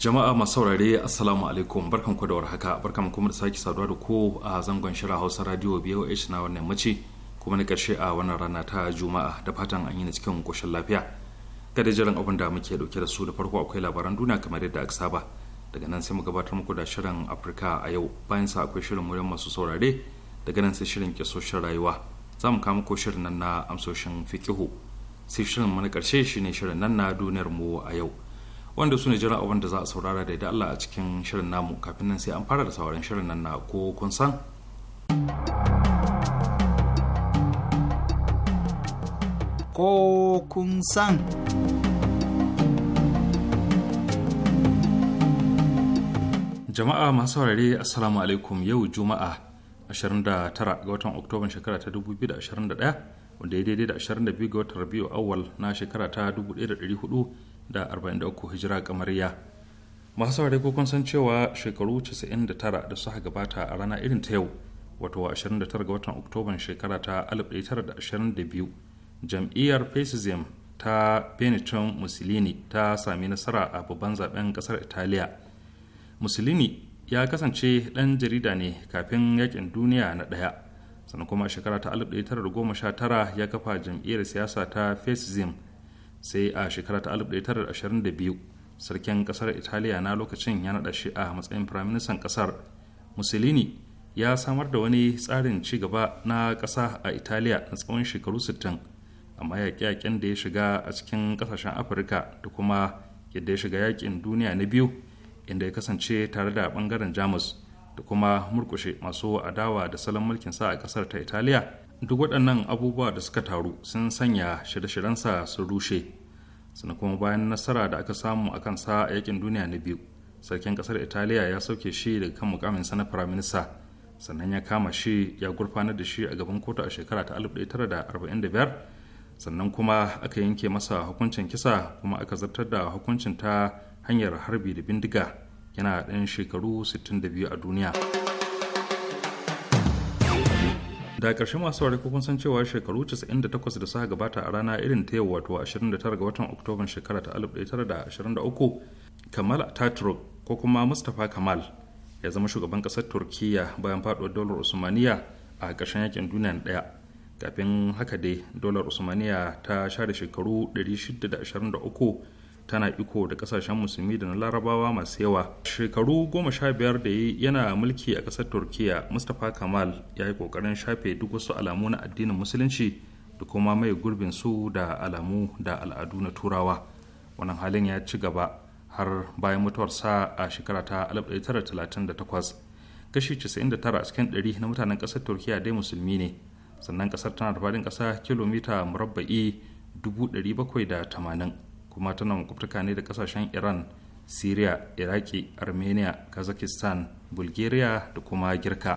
jama'a masu saurare assalamu alaikum barkan ku da warhaka barkan kuma da sake saduwa da ku a zangon shirin hausa radio boh na wannan mace kuma na karshe a wannan rana ta juma'a da fatan an yi na cikin koshin lafiya kada jiran abin da muke dauke da su da farko akwai labaran duniya kamar yadda aka saba daga nan sai mu gabatar muku da shirin afirka a yau bayan sa akwai shirin muryar masu saurare daga nan sai shirin kyasoshin rayuwa za mu kawo muku shirin nan na amsoshin fikihu sai shirin mu na karshe shine shirin nan na duniyar mu a yau wanda su ne jira abin da za a saurara da Allah a cikin shirin namu kafin nan sai an fara da sauran shirin nan na ko kun san ko kun san jama'a masu saurare assalamu alaikum yau juma'a 29 ga watan Oktoba shekara ta 2021 wanda ya daidai da 22 ga watan rabiu awal na shekara ta 1443 hijira kamariya masu saurari ko kun san cewa shekaru 99 da suka gabata a rana irin ta yau wato 29 ga watan oktoban shekara ta 1922 jam'iyyar fascism ta benetton mussolini ta sami nasara a babban zaben kasar italiya mussolini ya kasance ɗan jarida ne kafin yakin duniya na ɗaya sannan kuma a shekara ta 1919 ya kafa jam'iyyar siyasa ta fascism sai a shekara ta 1922 sarkin kasar italiya na lokacin ya naɗa shi a matsayin firaministan kasar mussolini ya samar da wani tsarin ci gaba na ƙasa a italiya na tsawon shekaru 60 amma yaƙe-yaƙen da ya shiga a cikin ƙasashen afirka da kuma yadda ya shiga yaƙin duniya na biyu inda ya kasance tare da ɓangaren jamus da kuma murkushe masu adawa da salon mulkin sa a kasar ta italiya duk waɗannan abubuwa da suka taru sun sanya shirye-shiryensa sun rushe sannan kuma bayan nasara da aka samu a kansa a yakin duniya na biyu sarkin kasar italiya ya sauke shi daga kan mukamin na firaminista sannan ya kama shi ya gurfanar da shi a gaban kotu a shekara ta 1945 sannan kuma aka yanke masa hukuncin kisa kuma aka zartar da hukuncin ta hanyar harbi da bindiga yana ɗan shekaru 62 a duniya da ƙarshe masu wari kun san cewa shekaru 98 da suka gabata a rana irin ta yau wato 29 ga watan oktoban shekara ta 1923 kamal ataturk ko kuma mustapha kamal ya zama shugaban ƙasar turkiyya bayan faɗuwar dolar usmaniya a ƙarshen yakin duniya ɗaya kafin haka dai dolar usmaniya ta share shekaru 623 tana iko da kasashen musulmi da na larabawa masu yawa shekaru goma sha biyar da yi yana mulki a ƙasar turkiya mustapha kamal ya yi ƙoƙarin shafe duk wasu alamu na addinin musulunci da kuma mai gurbin su da alamu da al'adu na turawa wannan halin ya ci gaba har bayan mutuwarsa a shekara ta 1938 kashi 99 a cikin 100 na mutanen ƙasar turkiya dai musulmi ne sannan ƙasar tana da faɗin ƙasa kilomita murabba'i 780 kuma tana makwabtaka ne da kasashen iran syria iraki armenia kazakhstan bulgaria da kuma girka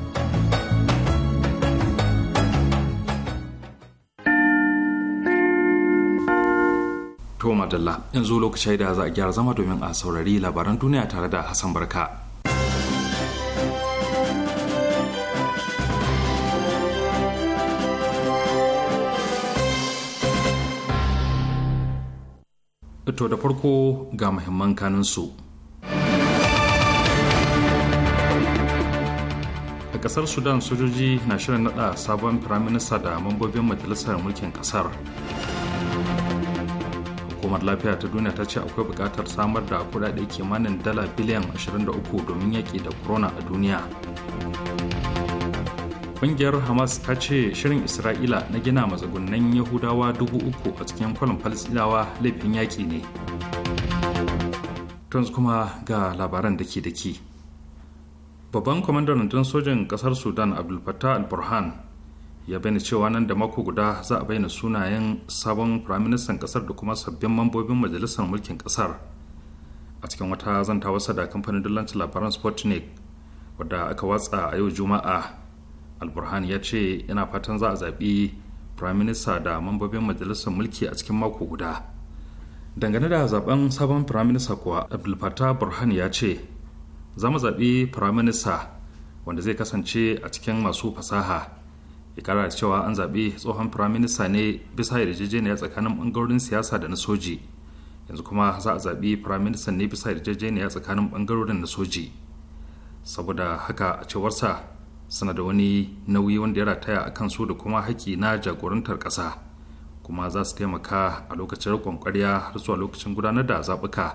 To Dalla yanzu lokacin da za a gyara zama domin a saurari labaran duniya tare da Hassan Barka. To da farko ga muhimman kaninsu. A kasar Sudan sojoji na shirin nada sabon firaminista da mambobin majalisar mulkin kasar. hukumar lafiya ta duniya ta ce akwai buƙatar samar da kuɗaɗe kimanin dala biliyan 23 domin yaƙi da corona a duniya ƙungiyar hamas ta ce shirin isra'ila na gina matsugunan yahudawa dubu uku a cikin kwalin falasɗinawa laifin yaƙi ne tons kuma ga labaran da ke da ke babban kwamandan sojan ƙasar sudan abdulfattah al-burhan ya bayyana cewa nan da mako guda za a bayyana sunayen sabon firaministan kasar da kuma sabbin mambobin majalisar mulkin kasar a cikin wata zanta wasa da kamfanin dillancin labaran sputnik wadda aka watsa a yau juma'a alburhan ya ce yana fatan za a zaɓi firaminista da mambobin majalisar mulki a cikin mako guda dangane da zaben sabon firaminista kuwa abdulfatah burhan ya ce za mu zaɓi firaminista wanda zai kasance a cikin masu fasaha ya kara cewa an zaɓi tsohon firaminista ne bisa yarjejeniya tsakanin ɓangarorin siyasa da na soji yanzu kuma za a zaɓi firaministan ne bisa yarjejeniya tsakanin ɓangarorin na soji saboda haka a cewarsa suna da wani nauyi wanda ya rataya a kan su da kuma haƙƙi na jagorantar ƙasa kuma za su taimaka a lokacin riƙon ƙwarya har zuwa lokacin gudanar da zaɓuka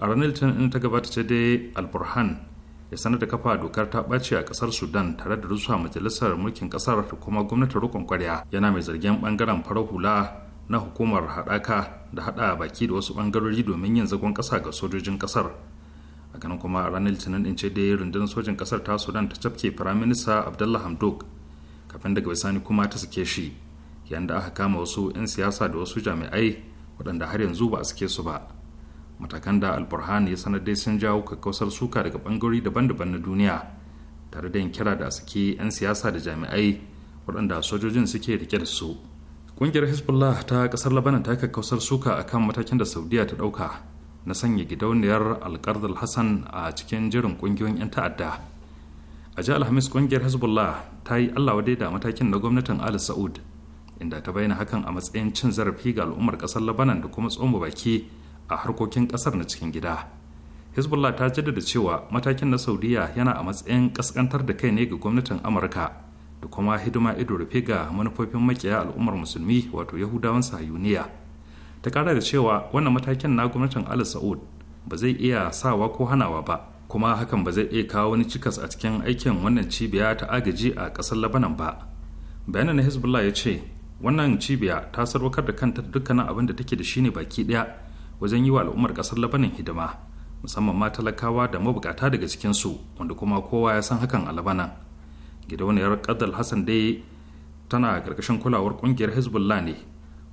a ranar litinin ta gabata ce dai alburhan ya sanar da kafa dokar ta ɓace a ƙasar sudan tare da rusa majalisar mulkin ƙasar da kuma gwamnatin rukun kwarya yana mai zargin ɓangaren farar hula na hukumar haɗaka da haɗa baki da wasu ɓangarori domin yin zagon ƙasa ga sojojin ƙasar a ganin kuma ranar litinin ɗin ce da ya rundunar sojin ƙasar ta sudan ta cafke firaminista abdullah hamdok kafin daga bisani kuma ta sake shi yayin da aka kama wasu 'yan siyasa da wasu jami'ai waɗanda har yanzu ba a sake su ba matakan da alburhan ya sanar dai sun jawo kakkausar suka daga bangarori daban-daban na duniya tare da yin kira da suke 'yan siyasa da jami'ai waɗanda sojojin suke rike da su ƙungiyar hezbollah ta ƙasar labanan ta kakkausar suka akan matakin da saudiya ta ɗauka na sanya gidauniyar alƙardar hassan a cikin jirin ƙungiyoyin 'yan ta'adda a ji alhamis ƙungiyar hezbollah ta yi allah wadai da matakin na gwamnatin ali sa'ud inda ta bayyana hakan a matsayin cin zarafi ga al'ummar ƙasar labanan da kuma tsoma baki a harkokin kasar na cikin gida hezbollah ta jaddada cewa matakin na saudiya yana a matsayin kaskantar da kai ne ga gwamnatin amurka da kuma hidima ido rufe ga manufofin makiya al'ummar musulmi wato yahudawan sahayuniya ta kara da cewa wannan matakin na gwamnatin Ali saud ba zai iya sawa ko hanawa ba kuma hakan ba zai iya kawo wani cikas a cikin aikin wannan cibiya ta agaji a ƙasar labanan ba bayanin na hezbollah ya ce wannan cibiya ta sarwakar da kanta dukkanin abin da take da shi ne baki ɗaya wajen yi wa al'ummar kasar labanin hidima musamman ma talakawa da mabukata daga cikinsu wanda kuma kowa ya san hakan a labanan gidauniyar kadal hassan dai tana karkashin kulawar kungiyar hezbollah ne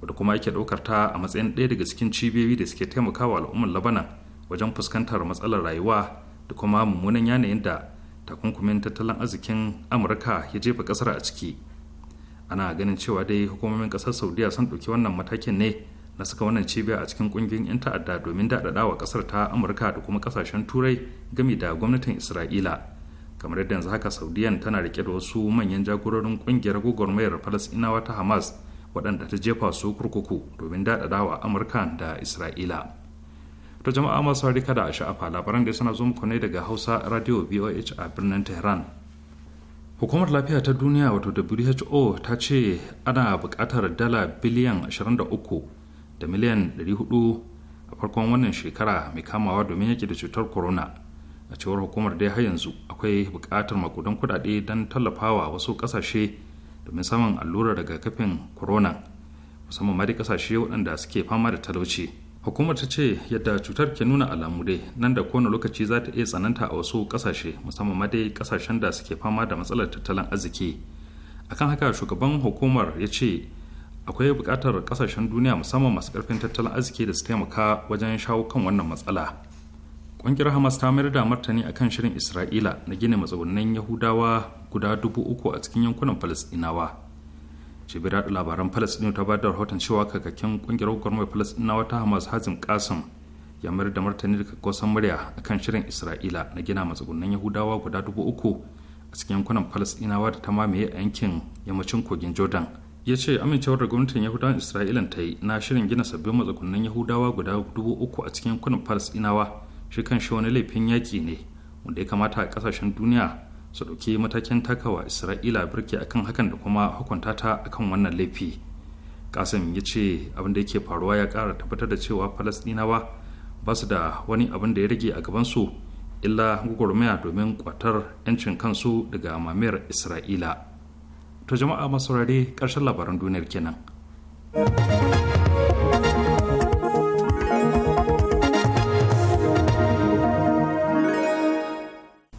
wadda kuma yake daukar ta a matsayin ɗaya daga cikin cibiyoyi da suke taimakawa al'ummar labanan wajen fuskantar matsalar rayuwa da kuma mummunan yanayin da takunkumin tattalin arzikin amurka ya jefa kasar a ciki ana ganin cewa dai hukumomin kasar saudiya sun ɗauki wannan matakin ne na saka wannan cibiya a cikin kungiyoyin 'yan ta'adda domin daɗaɗa wa ƙasar ta amurka da kuma ƙasashen turai gami da gwamnatin isra'ila kamar yadda yanzu haka saudiyan tana rike da wasu manyan jagororin ƙungiyar gwagwarmayar falasɗinawa ta hamas waɗanda ta jefa su kurkuku domin daɗaɗa wa amurka da isra'ila to jama'a masu harika da a sha'afa labaran da suna zo muku ne daga hausa radio voh a birnin tehran hukumar lafiya ta duniya wato who ta ce ana bukatar dala biliyan 23 da miliyan 400 a farkon wannan shekara mai kamawa domin yaki da cutar corona a cewar hukumar dai har yanzu akwai bukatar makudan kudade don tallafawa wasu kasashe domin samun allurar kafin corona musamman ma dai ƙasashe waɗanda suke fama da talauci hukumar ta ce yadda cutar ke nuna alamu dai nan da kowane lokaci za ta iya tsananta a wasu kasashe musamman ma dai ƙasashen da suke fama da matsalar tattalin arziki akan haka shugaban hukumar ya ce akwai buƙatar kasashen duniya musamman masu ƙarfin tattalin arziki da su taimaka wajen shawo kan wannan matsala ƙungiyar hamas ta mayar da martani akan shirin isra'ila na gina matsugunan yahudawa guda dubu uku a cikin yankunan falastinawa cibiyar da labaran falastinawa ta bada rahoton cewa kakakin ƙungiyar gwamnatin falastinawa ta hamas hazim kasim ya mayar da martani da kakkosan murya akan shirin isra'ila na gina matsugunan yahudawa guda dubu uku a cikin yankunan falastinawa da ta mamaye a yankin yammacin kogin jordan ya ce amincewar da gwamnatin yahudawan isra'ilan ta yi na shirin gina sabbin matsakunan yahudawa guda dubu uku a cikin fars inawa shi kan shi wani laifin yaƙi ne wanda ya kamata a ƙasashen duniya su ɗauki matakin takawa isra'ila birki akan hakan da kuma hukunta ta akan wannan laifi kasim ya ce abin da yake faruwa ya ƙara tabbatar da cewa falasɗinawa ba su da wani abin da ya rage a gabansu illa gwagwarmaya domin kwatar 'yancin kansu daga mamayar isra'ila to jama'a masu saurare ƙarshen labaran duniyar kenan.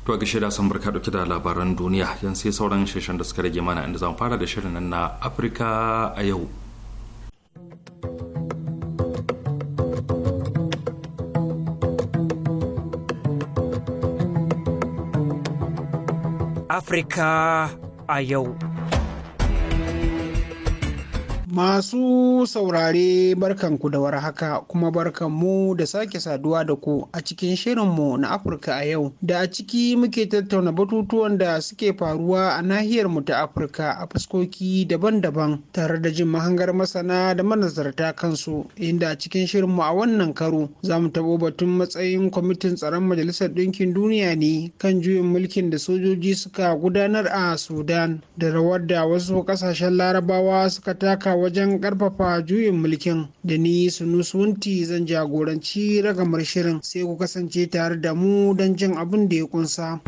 To ga shirya sun barka dauke da labaran duniya yan sai sauran shirin da suka rage mana inda zan fara da shirin nan na Afirka a yau. Afirka a yau. Masu saurare barkanku da haka kuma barkanmu da sake saduwa da ku a cikin shirinmu na Afirka a yau da a ciki muke tattauna batutuwan da suke faruwa a nahiyarmu ta Afirka a fuskoki daban-daban tare da jin mahangar masana da manazarta kansu inda a cikin shirin mu a wannan karo za mu tabo batun matsayin kwamitin tsaron Majalisar Ɗinkin Duniya ne kan juyin mulkin da sojoji suka gudanar a Sudan da rawar da wasu ƙasashen Larabawa suka taka wajen karfafa juyin mulkin da ni sunusunti zan jagoranci ragamar shirin sai ku kasance tare da mu don jin abin da ya kunsa.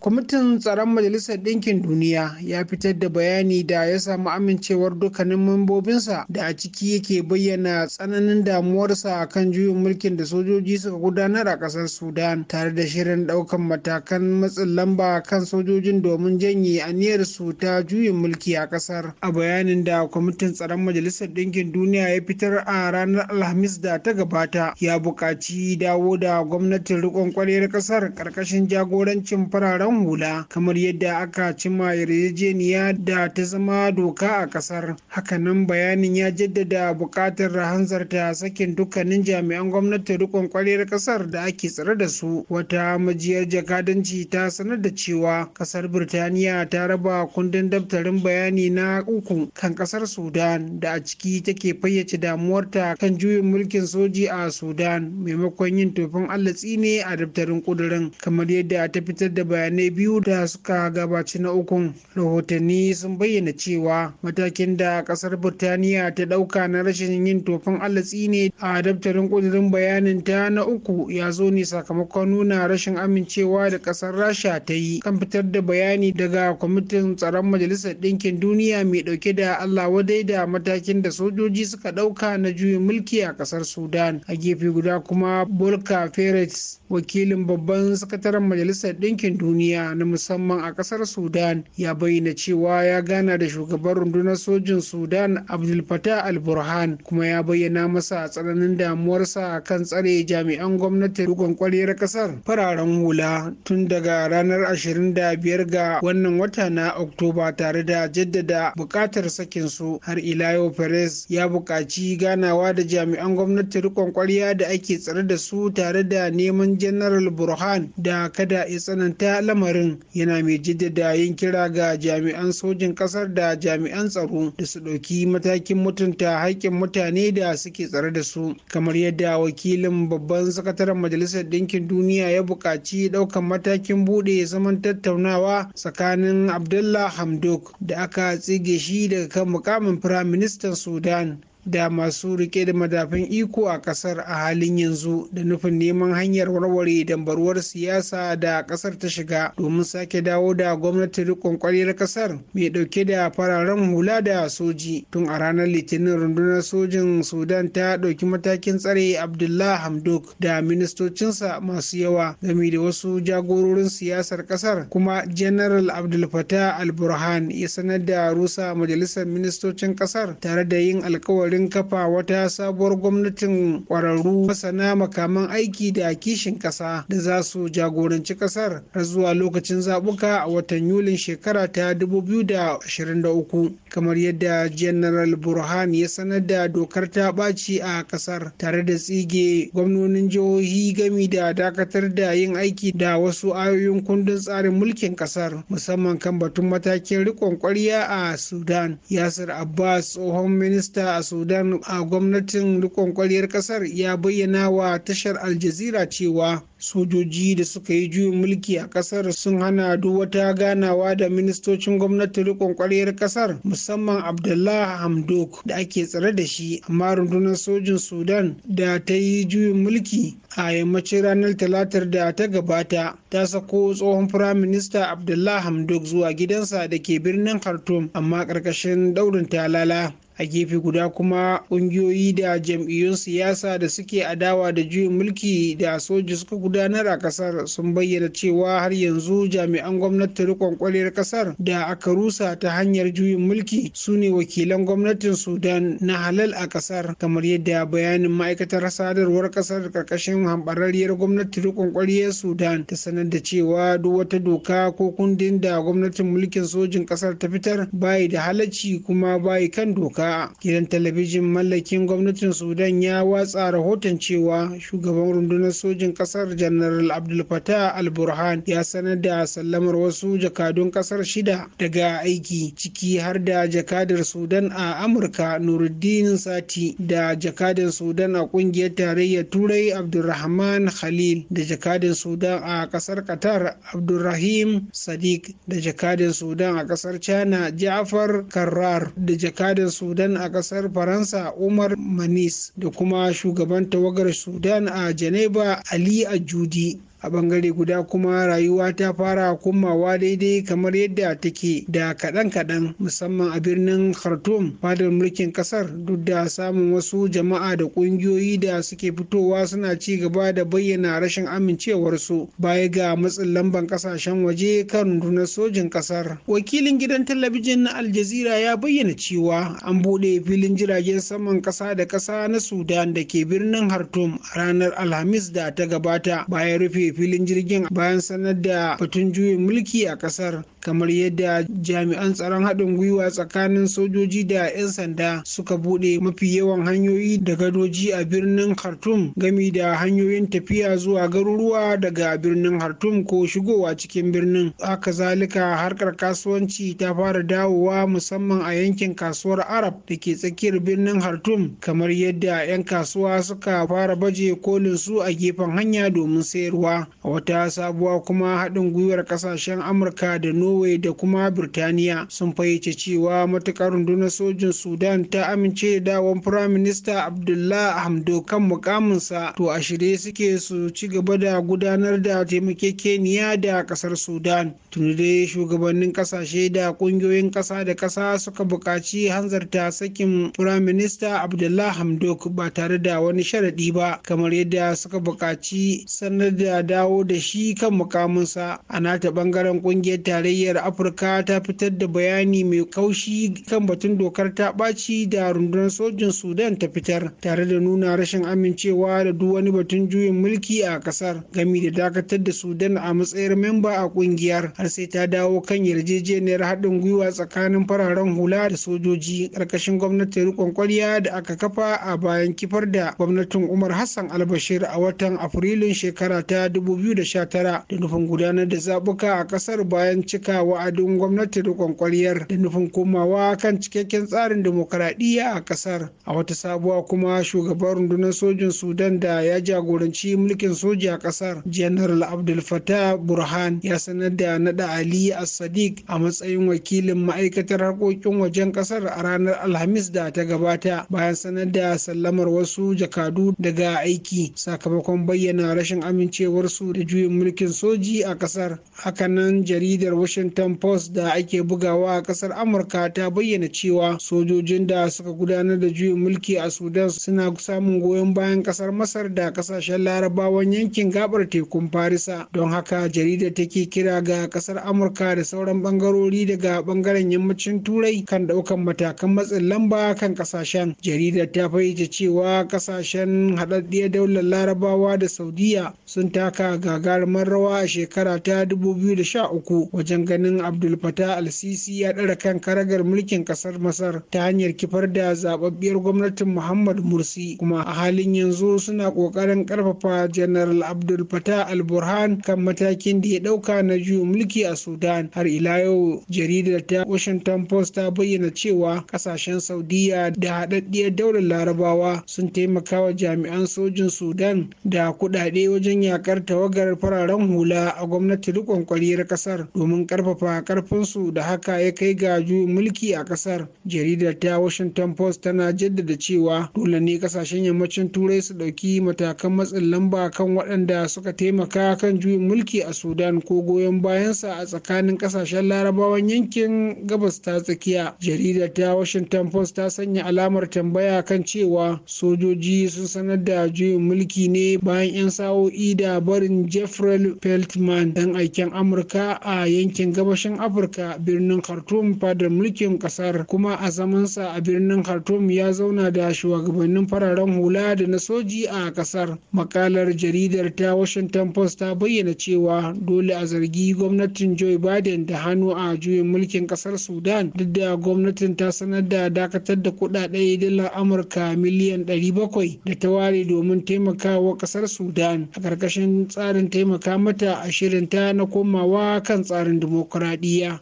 kwamitin tsaron majalisar ɗinkin duniya ya fitar da bayani da ya samu amincewar dukkanin mambobinsa, da a ciki yake bayyana tsananin damuwarsa kan juyin mulkin da sojoji suka gudanar a ƙasar sudan tare da shirin ɗaukan matakan matsin lamba kan sojojin domin janye aniyar su ta juyin mulki a ƙasar a bayanin da kwamitin tsaron majalisar ɗinkin duniya ya fitar a ranar alhamis da ta gabata ya buƙaci dawo da gwamnatin riƙon kwarewar ƙasar ƙarƙashin jagorancin fararen kan hula kamar yadda aka cima yarjejeniya da ta zama doka a kasar hakanan bayanin ya jaddada buƙatar hanzarta sakin dukkanin jami'an gwamnati rikon kwarewar kasar da ake tsare da su wata majiyar jakadanci ta sanar da cewa kasar birtaniya ta raba kundin daftarin bayani na uku kan kasar sudan da a ciki take fayyace damuwarta kan juyin mulkin soji a sudan maimakon yin tofin allatsi ne a daftarin kudurin kamar yadda ta fitar da bayanai mutane biyu da suka gabaci na ukun rahotanni sun bayyana cewa matakin da kasar birtaniya ta dauka na rashin yin tofin alatsi ne a daftarin kudirin bayanin ta na uku ya zo ne sakamakon nuna rashin amincewa da kasar rasha ta yi kan fitar da bayani daga kwamitin tsaron majalisar ɗinkin duniya mai dauke da allah wadai da matakin da sojoji suka dauka na juyin mulki a kasar sudan a gefe guda kuma bolka ferret wakilin babban sakataren majalisar ɗinkin duniya duniya na musamman a kasar sudan ya bayyana cewa ya gana da shugaban rundunar sojin sudan abdul fatah al-burhan kuma ya bayyana masa tsananin damuwarsa kan tsare jami'an gwamnati rukun kwaliyar kasar fararen hula tun daga ranar 25 ga wannan wata na oktoba tare da jaddada bukatar sakin su har ila yau perez ya bukaci ganawa da jami'an gwamnati rikon kwarya da ake tsare da su tare da neman general burhan da kada ya tsananta lamarin lamarin yana mai jaddada yin kira ga jami'an sojin kasar da jami'an tsaro da su ɗauki matakin mutunta haƙƙin mutane da suke tsare da su kamar yadda wakilin babban sakataren majalisar ɗinkin duniya ya buƙaci ɗaukan matakin buɗe zaman tattaunawa tsakanin abdullah hamdok da aka tsige shi daga kan mukamin firaministan sudan da masu rike da madafin iko a kasar a halin yanzu da nufin neman hanyar warware dambarwar siyasa da kasar ta shiga domin sake dawo da gwamnati rikon kwaliyar kasar mai dauke da fararen hula da soji tun a ranar litinin rundunar sojin sudan ta dauki matakin tsare abdullah hamdok da ministocinsa masu yawa game da wasu jagororin siyasar kasar kuma general abdul fatah al-burhan ya sanar da rusa majalisar ministocin kasar tare da yin alkawari ƙoƙarin kafa wata sabuwar gwamnatin kwararru masana makaman aiki da kishin kasa da za su jagoranci kasar har zuwa lokacin zabuka a watan yulin shekara ta 2023 kamar yadda general burhan ya sanar da dokar ta ɓaci a kasar tare da tsige gwamnonin jihohi gami da dakatar da yin aiki da wasu ayoyin kundin tsarin mulkin kasar musamman kan batun matakin rikon ƙwarya a sudan yasir abbas tsohon minista a sudan sudan a gwamnatin rikon kwariyar kasar ya bayyana wa tashar aljazira cewa sojoji da suka yi juyin mulki a kasar sun hana duk wata ganawa da ministocin gwamnatin rikon kwariyar kasar musamman abdullah hamdok da ake tsare da shi amma rundunar sojin sudan da ta yi juyin mulki a yammacin ranar talatar da ta gabata ta sako tsohon firaminista abdullah hamdok zuwa gidansa da ke birnin khartoum amma ƙarƙashin daurin talala a gefe guda kuma kungiyoyi da jam'iyyun siyasa da suke adawa da juyin mulki da soji suka gudanar a kasar sun bayyana cewa har yanzu jami'an gwamnati rikon kwaliyar kasar da aka rusa ta hanyar juyin mulki su ne wakilan gwamnatin sudan na halal a kasar kamar yadda bayanin ma'aikatar sadarwar kasar karkashin hambarariyar gwamnati rikon kwaliyar sudan ta sanar da cewa duk wata doka ko kundin da gwamnatin mulkin sojin kasar ta fitar bayi da halacci kuma bayi kan doka gidan talabijin mallakin gwamnatin sudan ya watsa rahoton cewa shugaban rundunar sojin kasar janaral abdul fatah al-burhan ya sanar da sallamar wasu jakadun kasar shida daga aiki ciki har da jakadar sudan a amurka nuruddin sati da jakadar sudan a kungiyar tarayyar turai abdulrahman khalil da jakadar sudan a kasar qatar abdulrahim sadiq da jakadar sudan a kasar china ja'far karrar da jakadar sudan sudan a kasar faransa umar manis da kuma shugaban tawagar sudan a janeba ali ajudi a bangare guda kuma rayuwa ta fara kumawa daidai kamar yadda take da kaɗan-kaɗan musamman a birnin khartoum fadar mulkin ƙasar duk da samun wasu jama'a da ƙungiyoyi da suke fitowa suna ci gaba da bayyana rashin amincewarsu baya ga matsin lamban ƙasashen waje kan rundunar sojin ƙasar wakilin gidan talabijin na aljazira ya bayyana cewa an buɗe filin jiragen saman ƙasa da ƙasa na sudan da ke birnin khartoum ranar alhamis da ta gabata bayan rufe filin jirgin bayan sanar da batun juyin mulki a kasar kamar yadda jami'an tsaron haɗin gwiwa tsakanin sojoji da 'yan sanda suka buɗe mafi yawan hanyoyi da gadoji a birnin khartoum gami da hanyoyin tafiya zuwa garuruwa daga birnin khartoum ko shigowa cikin birnin haka zalika harkar kasuwanci ta fara dawowa musamman a yankin kasuwar arab da ke tsakiyar birnin khartoum kamar yadda 'yan kasuwa suka fara baje kolin su a gefen hanya domin sayarwa wata sabuwa kuma haɗin gwiwar ƙasashen amurka da norway da kuma birtaniya sun fayyace cewa matuƙar rundunar sojin sudan ta amince da dawon firaminista abdullah hamdo kan mukaminsa to a shirye suke su ci gaba da gudanar da taimakekeniya da ƙasar sudan tuni dai shugabannin ƙasashe da ƙungiyoyin ƙasa da ƙasa suka buƙaci hanzarta sakin firaminista abdullah hamdok ba tare da wani sharaɗi ba kamar yadda suka buƙaci sanar da dawo da shi kan mukaminsa a nata bangaren kungiyar tarayyar afirka ta fitar da bayani mai kaushi kan batun dokar ta ɓaci da rundunar sojin sudan ta fitar tare da nuna rashin amincewa da duk wani batun juyin mulki a kasar gami da dakatar da sudan a matsayin memba a kungiyar har sai ta dawo kan yarjejeniyar haɗin gwiwa tsakanin fararen hula da sojoji ƙarƙashin gwamnatin riƙon kwarya da aka kafa a bayan kifar da gwamnatin umar hassan albashir a watan afrilun shekara ta 2019 da nufin gudanar da zaɓuka a ƙasar bayan cika wa'adin gwamnati da kwankwariyar da nufin komawa kan cikakken tsarin demokuraɗiyya a ƙasar a wata sabuwa kuma shugaban rundunar sojin sudan da ya jagoranci mulkin soja a ƙasar general abdul fatah burhan ya sanar da naɗa ali as-sadiq a matsayin wakilin ma'aikatar harkokin wajen ƙasar a ranar alhamis da ta gabata bayan sanar da sallamar wasu jakadu daga aiki sakamakon bayyana rashin amincewar su da juyin mulkin soji a kasar hakanan jaridar washington post da ake bugawa a kasar amurka ta bayyana cewa sojojin da suka gudanar da juyin mulki a sudan suna samun goyon bayan kasar masar da kasashen larabawan yankin gabar tekun farisa don haka jaridar take kira ga kasar amurka da sauran bangarori daga bangaren yammacin turai kan daukan matakan matsin lamba kan kasashen jaridar ta fahimta cewa kasashen haɗaɗɗiyar daular larabawa da saudiya sun taka taka gagarumar rawa a shekara ta 2013 wajen ganin abdul fatah al-sisi ya ɗara kan karagar mulkin ƙasar masar ta hanyar kifar da zababbiyar gwamnatin muhammad mursi kuma a halin yanzu suna ƙoƙarin ƙarfafa general abdul fatah al-burhan kan matakin da ya ɗauka na juyin mulki a sudan har ila yau jaridar ta washington post ta bayyana cewa ƙasashen saudiya da haɗaɗɗiyar daular larabawa sun taimaka wa jami'an sojin sudan da kuɗaɗe wajen yakar tawagar fararen hula a gwamnati rikon kwariyar kasar domin karfafa karfinsu da haka ya kai ga juyin mulki a kasar jaridar ta washington post tana jaddada cewa dole ne kasashen yammacin turai su dauki matakan matsin lamba kan waɗanda suka taimaka kan juyin mulki a sudan ko goyon bayansa a tsakanin kasashen larabawan yankin gabas ta tsakiya jaridar ta washington post ta sanya alamar tambaya kan cewa sojoji sun sanar da juyin mulki ne bayan 'yan sa'o'i da barin jeffrey peltman dan aiken amurka a yankin gabashin afirka birnin khartoum fadar mulkin kasar kuma a zamansa a birnin khartoum ya zauna da shugabannin fararen hula da na soji a kasar makalar jaridar ta washington post ta bayyana cewa dole a zargi gwamnatin joe biden da hannu a juyin mulkin kasar sudan duk da gwamnatin ta sanar da dakatar da kudade dalar amurka miliyan 700 da ta ware domin taimakawa kasar sudan a ƙarƙashin tsarin taimaka mata a shirin ta na komawa kan tsarin dimokuraɗiyya.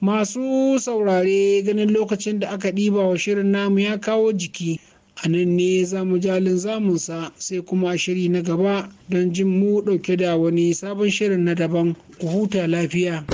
Masu saurare ganin lokacin da aka ɗiba wa shirin namu ya kawo jiki. A nan ne za mu jalin zamunsa sai kuma shiri na gaba don jin mu ɗauke da wani sabon shirin na daban ku huta lafiya.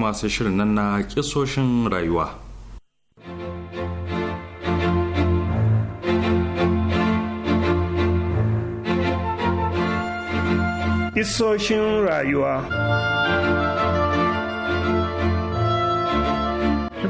kuma sai shirin nan na kisoshin rayuwa. Kisoshin rayuwa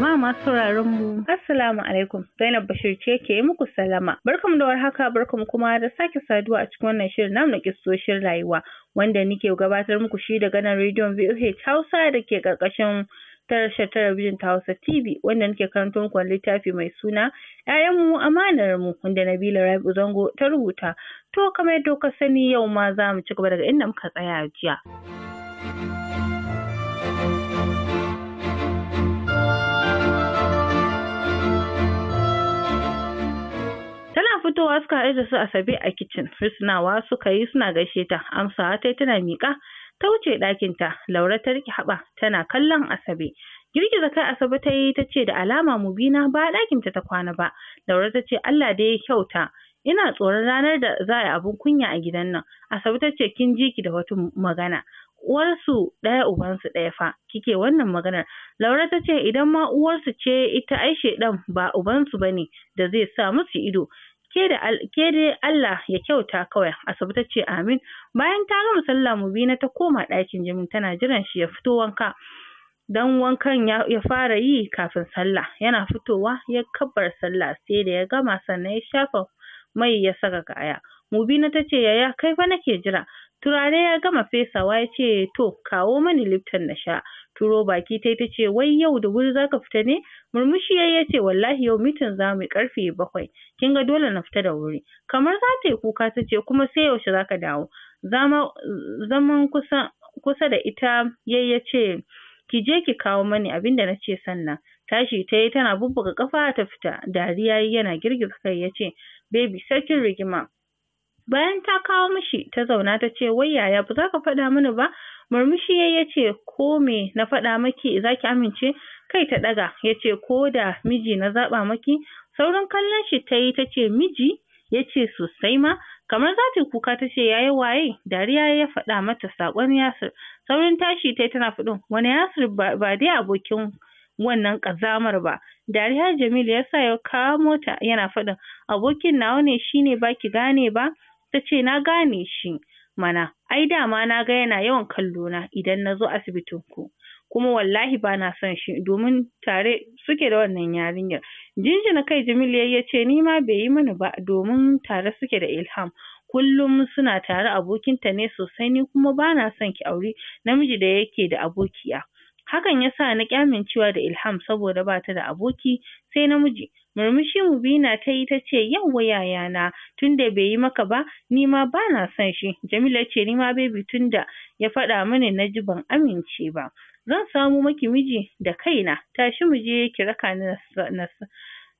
Jama'a masu sauraron mu, Assalamu alaikum. Zainab Bashir ce ke muku salama. Barkamu da warhaka, barkamu kuma da sake saduwa a cikin wannan shirin namu na kissoshin rayuwa, wanda nike gabatar muku shi daga nan rediyon VOH Hausa da ke karkashin tarashar talabijin ta Hausa TV wanda nike karanto muku littafi mai suna mu amanar mu wanda Nabila Rabi'u Zango ta rubuta. To kamar yadda ka sani yau ma za mu ci gaba daga inda muka tsaya jiya. fitowa suka aje su Asabe a kicin. Risnawa suka yi suna gaishe ta. Amsawa ta tana miƙa ta wuce ɗakin ta. Laura ta riƙe haɓa tana kallon Asabe. Girgiza kai Asabe ta yi ta ce da alama Mubina ba ɗakin ta ta kwana ba. Laura ta ce Allah da ya kyauta. Ina tsoron ranar da za a yi abun kunya a gidan nan. Asabe ta ce kin ji ki da wata magana. uwarsu ɗaya ubansu ɗaya fa kike wannan maganar laura ta ce idan ma uwarsu ce ita aishe ɗan ba ubansu bane da zai sa musu ido ke da ke dai Allah ya kyauta kawai Asabe ta ce amin bayan ta gama sallah na ta koma ɗakin jimin tana jiran shi ya fito wanka dan wankan ya, ya fara yi kafin sallah yana fitowa ya kabbar sallah sai da ya gama sannan ya shafa mai ya saka kaya mubina ta ce yaya kai fa nake jira turare ya gama fesawa ya ce to kawo mani lipton na sha turo baki tayi ta ce wai yau da wuri zaka fita ne murmushi yayi ya ce wallahi yau mitin zamuyi karfe bakwai kin ga dole na fita da wuri kamar za ta yi kuka ta ce kuma sai yaushe zaka dawo zaman kusa kusa da ita yayi ya ce ki je ki kawo mani abinda na ce sannan tashi ta yi tana bubbuga kafa ta fita dariya yana girgiza kai ya ce baby sarkin rigima Bayan ta kawo mishi ta zauna ta ce wai yaya ba za ka faɗa mini ba? Murmushi ya ce ko me na faɗa maki za ki amince? Kai ta ɗaga ya ce ko da miji na zaɓa maki? Saurin kallon shi ta yi ta ce miji? Ya ce sosai ma kamar za ta kuka ta ce yayi waye dariya ya faɗa mata saƙon yasir saurin tashi ta yi tana faɗin wani yasir ba dai abokin wannan ƙazamar ba dariya jamilu ya sa ya kawo mota yana faɗin abokin nawa ne shine baki gane ba ta ce na gane shi mana ai dama na ga yana yawan kallo na idan na zo asibitin ku kuma wallahi ba na son shi domin tare suke da wannan yarinyar jinjina kai jamilu ya ce ni ma bai yi mani ba domin tare suke da ilham kullum suna tare abokinta ne sosai ni kuma ba na son ki auri namiji da yake da abokiya Hakan ya sa na ƙi amincewa da Ilham saboda ba ta da aboki sai namiji. Murmushi Mubina ta yi ta ce yawwa yayana tunda bai yi maka ba ni ma ba na son shi. Jamila ce ni ma baby tunda ya faɗa mini na ji ban amince ba. Zan samu maki miji da kaina tashi mu je ki raka ni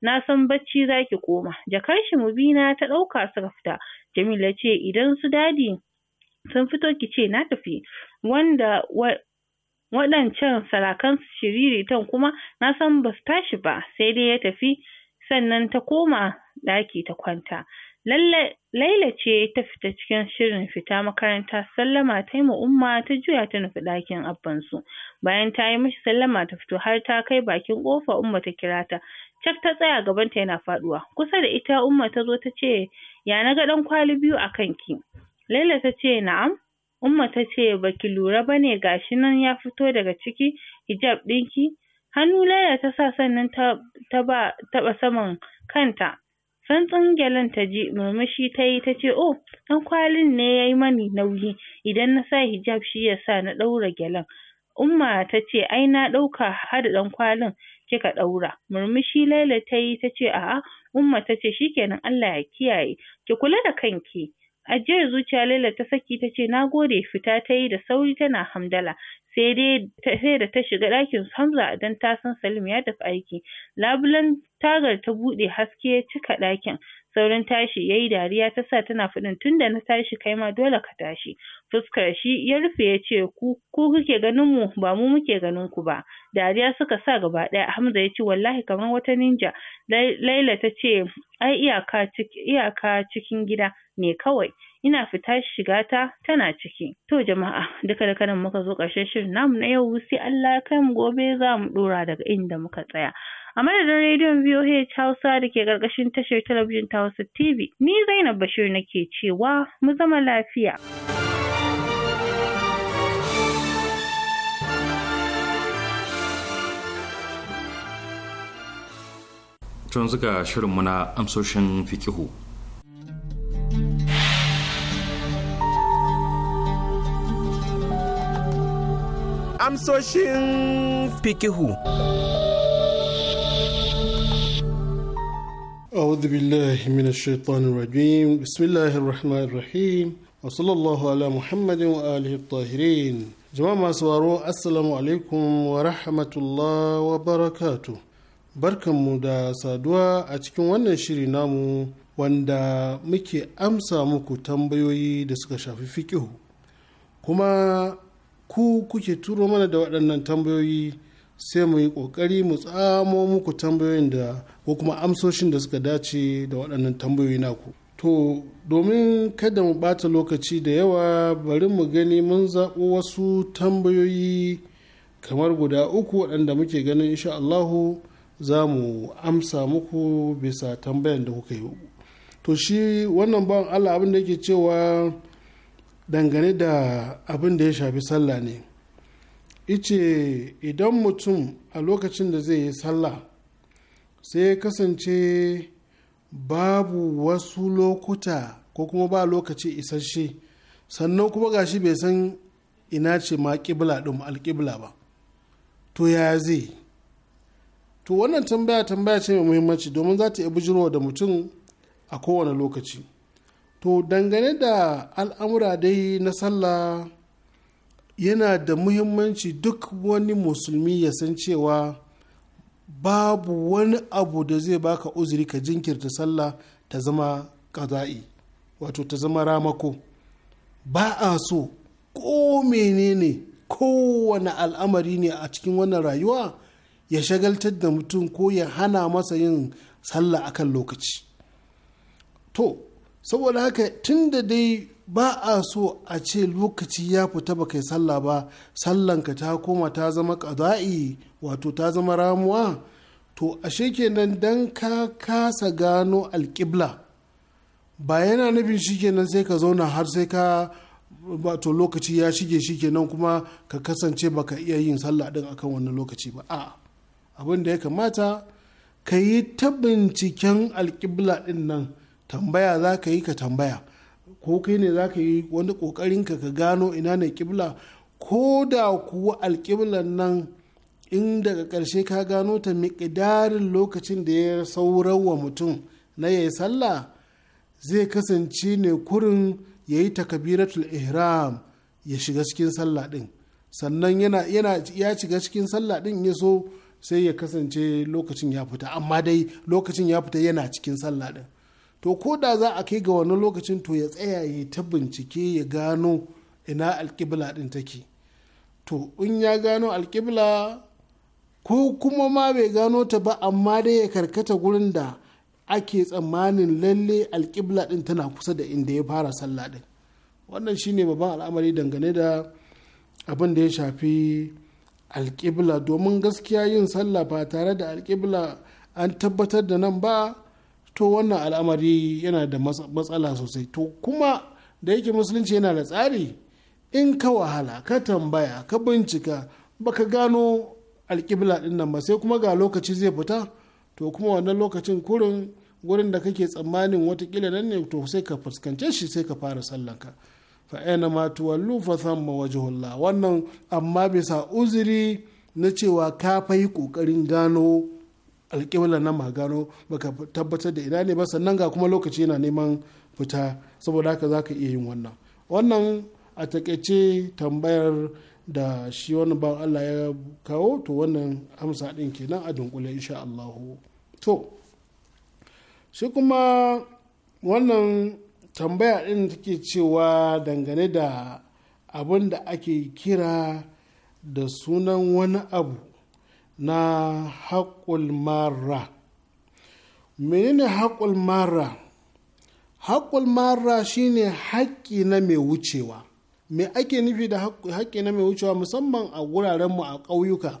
na san bacci za ki koma. Jakar shi Mubina ta ɗauka suka fita. Jamila ce idan su dadi sun fito ki ce na tafi wanda waɗancan sarakan shiriritan kuma na san ba su tashi ba sai dai ya tafi sannan ta koma ɗaki ta kwanta Laila ce ta fita cikin shirin fita makaranta sallama ta yi umma ta juya ta nufi ɗakin abbansu bayan ta yi mashi, sallama ta fito har ta kai bakin ƙofa umma ta kira ta cak ta tsaya gabanta yana faɗuwa kusa da ita umma ta zo ta ce ya na ga ɗan kwali biyu a kanki Laila ta ce na'am Umma ta ce baki lura ba ne shi nan ya fito daga ciki hijab ki? Hannu Laila ta sa sannan ta taɓa ba saman kanta. Santsin gyalen ta ji murmushi ta yi ta ce oh ɗan kwalin ne ya yi mani nauyi idan na sa hijab shi ya sa na ɗaura gyalen. Umma ta ce ai na ɗauka har ɗan kwalin kika ɗaura. Murmushi Laila ta yi ta ce a'a Umma ta ce shikenan Allah ya kiyaye ki kula da kanki. ajiyar zuciya Laila ta saki ta ce nagode fita ta yi da sauri tana hamdala sai dai sai da ta shiga ɗakin Hamza don ta san Salim ya tafi aiki labulen tagar ta buɗe haske ya cika ɗakin saurin tashi yayi dariya ta sa tana faɗin tunda na tashi kaima dole ka tashi fuskar shi ya rufe ya ce ku ku kuke ganin mu ba mu muke ganin ku ba dariya suka sa gaba ɗaya Hamza ya ce wallahi kamar wata ninja Laila ta ce ai iyaka iyaka cikin gida ne kawai ina fita shiga ta tana ciki to jama'a duka da kanan muka zo ƙarshen shirin namu na yau sai Allah ya kai mu gobe za mu ɗora daga inda muka tsaya a madadin rediyon VOH Hausa da ke ƙarƙashin tashar talabijin ta Hausa TV. Ni Zainab Bashir nake cewa mu zama lafiya. Tun zuga shirin muna amsoshin fikihu. Amsoshin fikihu. أعوذ بالله من الشيطان الرجيم بسم الله الرحمن الرحيم وصلى الله على محمد وآله الطاهرين jama'a masu waro assalamu alaikum wa rahmatullah wa barakatu da saduwa a cikin wannan shiri namu wanda muke amsa muku tambayoyi da suka shafi fikihu kuma ku kuke turo mana da waɗannan tambayoyi sai mu yi ƙoƙari mu tsamo muku tambayoyin da ko kuma amsoshin da suka dace da waɗannan tambayoyi naku to domin kada mu ɓata lokaci da yawa bari mu gani mun zaɓo wasu tambayoyi kamar guda uku waɗanda muke ganin insha Allahu za mu amsa muku bisa tambayan da kuka yi to shi wannan bawan Allah abin da yake cewa dangane da abin da ya shafi sallah ne ice idan mutum a lokacin da zai yi sallah sai ya kasance babu wasu lokuta ko kuma ba lokaci isasshe sannan kuma gashi bai san ina ce ma ƙibla ɗin alƙibla ba to ya zai to wannan tambaya tambaya ce mai muhimmanci domin za ta iya bujirwa da mutum a kowane lokaci to dangane da al'amura dai na sallah yana da muhimmanci duk wani musulmi ya san cewa babu wani abu da zai baka uzuri ka jinkirta sallah ta zama kaza'i wato ta zama ramako ba a so ko menene kowane al'amari ne a cikin wannan rayuwa ya shagaltar da mutum ko ya hana masa yin sallah akan lokaci to saboda haka tun da dai ba a so a ce lokaci ya fita ba kai sallah ba sallanka ta koma ta zama ƙada'i wato ta zama ramuwa to ashe nan don ka kasa gano alƙibla ba yana nufin shikenan sai ka zauna har sai ka wato lokaci ya shige shikenan kuma ka kasance ba ka iya yin sallah din akan wannan lokaci ba a abin da ya kamata ka yi ta binciken alƙibla din nan tambaya za ka yi ka tambaya ko kai ne za ka yi wani ƙoƙarin ka gano ina ne ƙibla ko da kuwa alƙiblan nan in daga karshe ka gano ta miƙidarin lokacin da ya saurar wa mutum na ya sallah zai kasance ne kurin ya yi takabiratul ihram ya shiga cikin sallah ɗin sannan yana, ya shiga cikin sallah ɗin ya so sai ya kasance lokacin ya fita amma dai lokacin ya fita yana cikin sallah ɗin to ko da za a kai ga wani lokacin to ya tsaya ya ta bincike ya gano ina alkibla din take to in ya gano alkibla ko kuma ma bai gano ta ba amma dai ya karkata gurin da ake tsammanin lalle alkibla ɗin tana kusa da inda ya fara sallah ɗin? wannan shine babban al'amari dangane da abin da ya shafi alkibla domin gaskiya yin sallah ba tare da alkibla an tabbatar da nan ba to wannan al'amari yana da matsala sosai to kuma da yake musulunci yana da tsari in ka wahala ka tambaya ka bincika baka gano alkibla din nan ba sai kuma ga lokaci zai fita to kuma wannan lokacin kurin gurin da kake tsammanin watakila nan ne to sai ka fuskance shi sai ka fara sallanka fa aina ma tuwallu fa thamma wajhullah wannan amma bisa uzuri na cewa ka fa yi kokarin gano alƙiblar nan ba gano baka tabbatar da ina ne ba sannan ga kuma lokaci yana neman fita saboda haka za ka iya yin wannan wannan a takaice tambayar da shi wani ba Allah ya kawo to wannan amsa ɗin kenan a dunkule insha Allahu to shi kuma wannan tambaya ɗin take cewa dangane da abin da ake kira da sunan wani abu na haƙul mara menene haƙul mara haƙul mara shine haƙƙi na mai wucewa me ake nufi da haƙƙi na mai wucewa musamman a wurarenmu a ƙauyuka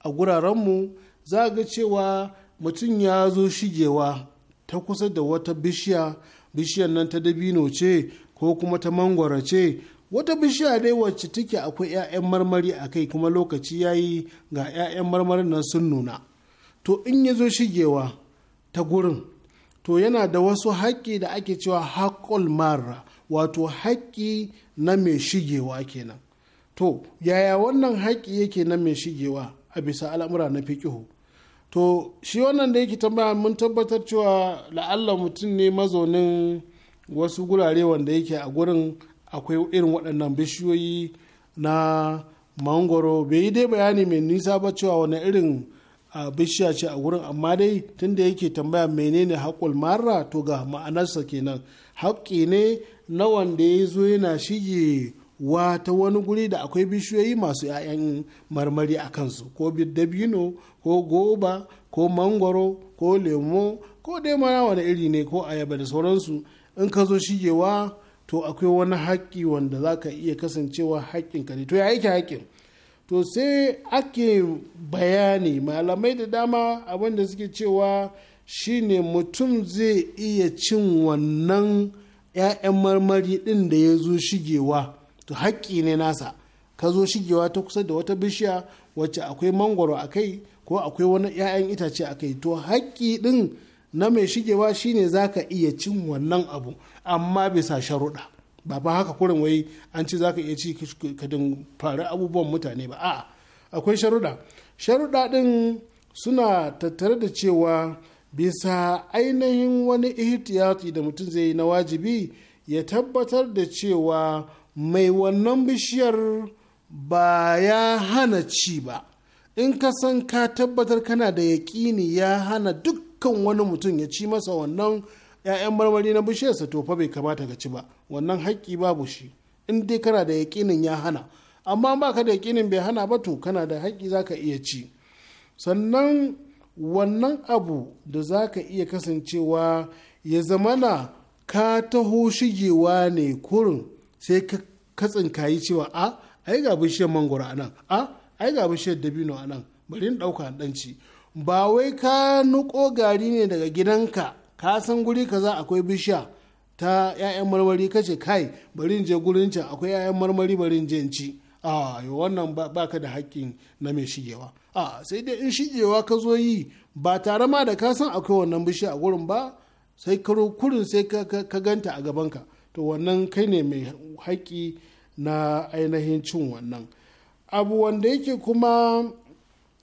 a wurarenmu za ga cewa mutum ya zo shigewa ta kusa da wata bishiya bishiyar nan ta dabino ce ko kuma ta mangwara ce wata bishiya dai wacce take akwai 'ya'yan marmari a kai kuma lokaci ya yi ga 'ya'yan marmarin nan sun nuna to in ya zo shigewa ta gurin to yana da wasu haƙƙi da ake cewa haƙƙul mara wato haƙƙi na mai shigewa kenan to yaya wannan haƙƙi yake na mai shigewa a bisa al'amura na fiƙihu to shi wannan da yake tambaya mun tabbatar cewa la'alla mutum ne mazaunin wasu gurare wanda yake a gurin akwai irin waɗannan bishiyoyi na mangoro bai yi dai bayani mai nisa ba cewa wani irin bishiya ce a wurin amma dai tunda yake tambaya menene haƙul mara to ga ma'anarsa kenan haƙƙi ne na wanda ya zo yana shige wa ta wani guri da akwai bishiyoyi masu 'ya'yan marmari a kansu ko dabino ko goba ko mangoro ko lemo ko dai mara wani iri ne ko ayaba da sauransu in ka zo shigewa to akwai wani haƙƙi wanda za ka iya kasancewa haƙƙinka ne to ya yake haƙƙin to sai ake bayani malamai da dama abinda suke cewa shine mutum zai iya cin wannan 'ya'yan marmari ɗin da ya zo shigewa to haƙƙi ne nasa ka zo shigewa ta kusa da wata bishiya wacce akwai mangwaro a kai ko akwai wani 'ya'yan itace a kai to haƙƙi ɗin na mai shigewa shine za ka iya cin wannan abu amma bisa sharuɗa ba ba haka kurin wai an ci za ka iya ci kadin din abubuwan mutane ba a'a akwai sharuɗa sharuɗa ɗin suna tattare da cewa bisa ainihin wani ihtiyati da mutum zai yi na wajibi ya tabbatar da cewa mai wannan bishiyar ba ya hana ci ba in ka san ka tabbatar kana da yaƙini ya hana duk dukkan wani mutum ya ci masa wannan 'ya'yan marmari na bishiyarsa to fa bai kamata ka ci ba wannan haƙƙi babu shi in dai kana da yaƙinin ya hana amma ba ka da yaƙinin bai hana ba to kana da haƙƙi za ka iya ci sannan wannan abu da za ka iya kasancewa ya zamana ka taho shigewa ne kurin sai ka katsin kayi cewa a ai ga bishiyar mangoro a nan a ai ga bishiyar dabino a nan bari in ɗauka ɗanci ba wai ka nuko gari ne daga gidanka ka san guri kaza akwai bishiya ta 'ya'yan marmari kace kai bari je gurin can akwai 'ya'yan marmari bari je ci a wannan ka da haƙƙin na mai shigewa a sai dai in shigewa ka zo yi ba tare ma da ka san akwai wannan bishiya a gurin ba sai karo kurin sai ka ganta a gabanka to wannan kai ne mai haƙƙi na ainihin cin wannan abu wanda yake kuma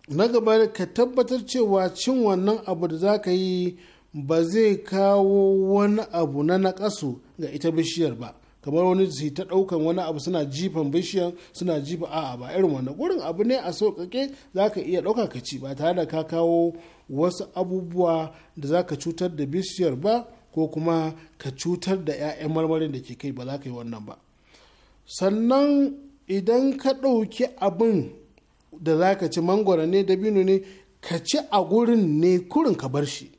na gaba ka tabbatar cewa cin wannan abu da za ka yi ba zai kawo wani abu na nakasu ga ita bishiyar ba kamar wani su ta ɗaukan wani abu suna jifan bishiyar suna jifa a'a ba irin wannan gurin abu ne a sauƙaƙe za ka iya ɗauka ka ci ba tare da ka kawo wasu abubuwa da za ka cutar da bishiyar ba ko kuma ka cutar da 'ya'yan marmarin da ke kai ba za ka yi wannan ba sannan idan ka ɗauki abin da za ka ci mangwara ne dabino ne ka ci a gurin ne kurin ka bar shi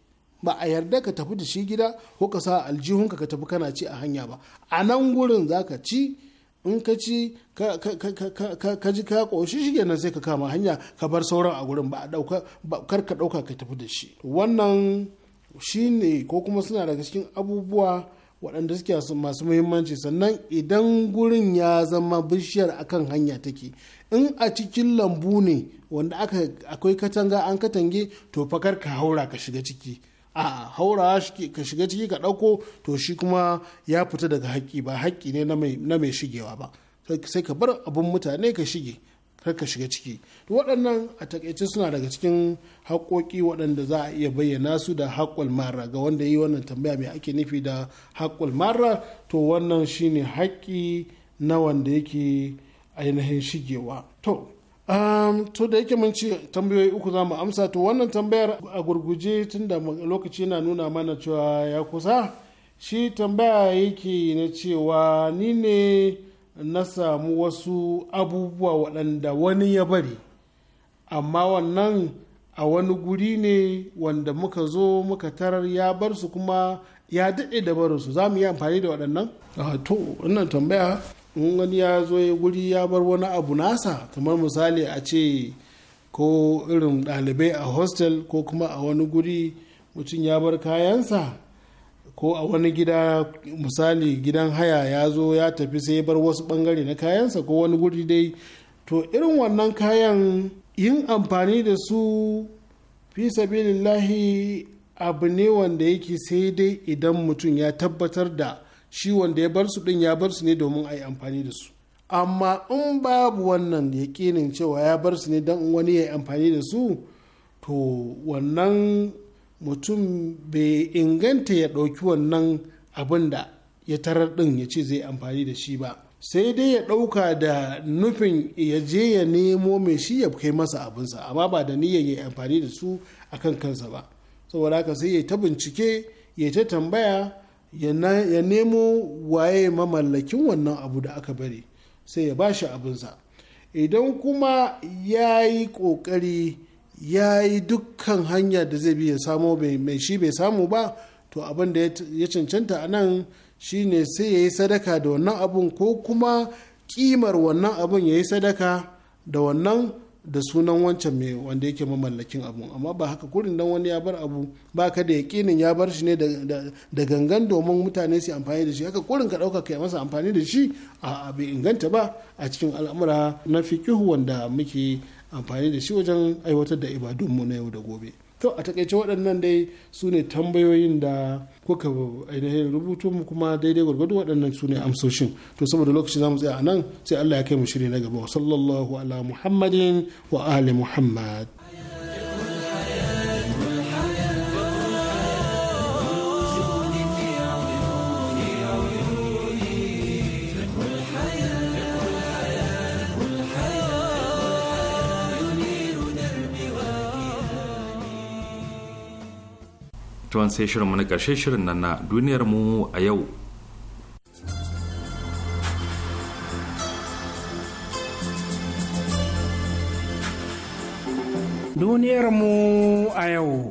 ba a yarda ka tafi da shi gida ko ka sa aljihun ka tafi kana ci a hanya ba a nan gurin za ka ci in ka ci ka ji ka ƙoshi shi kenan sai ka kama hanya ka bar sauran a gurin ba kar ka ɗauka ka tafi da shi wannan shi ne ko kuma suna daga cikin abubuwa waɗanda suke masu muhimmanci sannan idan gurin ya zama bishiyar akan hanya take in a cikin lambu ne wanda akwai katanga an katange to fakar ka haura ka shiga ciki a haura ka shiga ciki ka ɗauko to shi kuma ya fita daga haƙƙi ba haƙƙi ne na mai shigewa ba sai ka bar abin mutane ka shige ka shiga ciki waɗannan a takaice suna daga cikin haƙoƙi waɗanda za a iya bayyana su da haƙƙul mara ga wanda yi wannan tambaya mai ake nufi da haƙƙul mara to wannan shine haƙƙi na wanda yake ainihin shigewa to Um, to da yake mun ce tambayoyi uku za mu amsa to wannan tambayar a gurguje tun da lokaci na nuna mana cewa ya kusa shi tambaya yake na cewa ni ne na samu wasu abubuwa waɗanda wani ya bari amma wannan a wani guri ne wanda muka zo muka tarar ya bar su kuma ya daɗe da su za mu yi amfani da waɗannan? to wannan tambaya in wani ya zo ya guri ya bar wani abu nasa kamar misali a ce ko irin ɗalibai a hostel ko kuma a wani guri mutum ya bar kayansa ko a wani gida misali gidan haya ya zo ya tafi sai bar wasu bangare na kayansa ko wani guri dai to irin wannan kayan yin amfani da su fi sabilillahi abu ne wanda yake sai dai idan mutum ya tabbatar da shi wanda ya bar su din ya bar su ne domin a yi amfani da su amma in babu wannan yakinin cewa ya bar su ne don wani ya yi amfani da su to wannan mutum bai inganta ya ɗauki wannan abin da ya tarar ɗin ya ce zai amfani da shi ba sai dai ya ɗauka da nufin ya je ya nemo mai shi ya kai masa abinsa amma ba da niyyar ya amfani da su a kan kansa ba saboda haka sai ya ta bincike ya ta tambaya ya nemo waye mamallakin wannan abu da aka bari sai ya ba shi abinsa idan kuma ya yi ƙoƙari ya yi dukkan hanya da zai bi ya samo mai shi bai samu ba to abin da ya cancanta a nan shi ne sai ya yi sadaka da wannan abun ko kuma kimar wannan abun ya yi sadaka da wannan da sunan wancan mai wanda yake mamallakin abu amma ba haka kurin dan wani ya bar abu ba ka da yaƙinin ya bar shi ne da gangan domin mutane su amfani da shi haka kurin ka dauka kai masa amfani da shi a bai inganta ba a cikin al'amura na fikihu wanda muke amfani da shi wajen aiwatar da ibadunmu na yau da gobe to a takaice waɗannan dai su ne tambayoyin da kuka ainihin rubutu mu kuma daidai gwargwado waɗannan su ne amsoshin to saboda lokaci za mu tsaya a nan sai allah ya kai mu shiri na gaba sallallahu ala muhammadin wa ali muhammad tuwan sai shirinmu na ƙarshe shirin nan na duniyar mu a yau duniyar mu a yau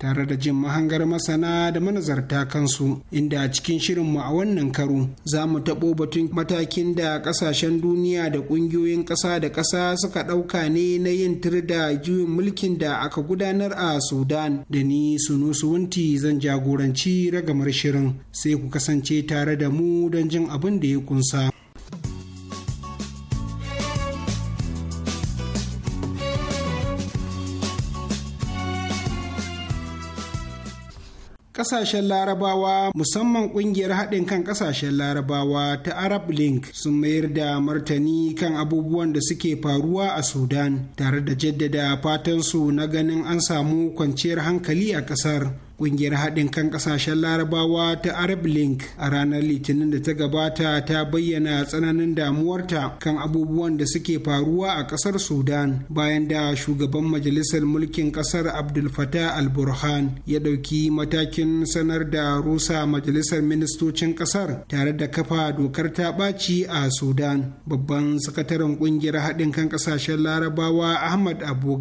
tare da jin mahangar masana da manazarta kansu inda a cikin shirinmu a wannan karo za mu taɓo batun matakin da ƙasashen duniya da ƙungiyoyin ƙasa da ƙasa suka ɗauka ne na yin tir da juyin mulkin da aka gudanar a sudan da ni sunusu wunti zan jagoranci ragamar shirin sai ku kasance tare da mu don jin abin da ya kunsa. Ƙasashen Larabawa musamman ƙungiyar haɗin kan ƙasashen Larabawa ta Arab Link sun mayar da martani kan abubuwan da suke faruwa a Sudan tare da jaddada fatansu na ganin an samu kwanciyar hankali a ƙasar. kungiyar haɗin kan ƙasashen larabawa ta arab link a ranar litinin da ta gabata ta bayyana tsananin damuwarta kan abubuwan da suke faruwa a ƙasar sudan bayan da shugaban majalisar mulkin ƙasar abdul fatah al-burhan ya ɗauki matakin sanar da rusa majalisar ministocin ƙasar tare da kafa dokar ta ɓaci a sudan babban sakataren kungiyar haɗin kan ƙasashen larabawa ahmad abu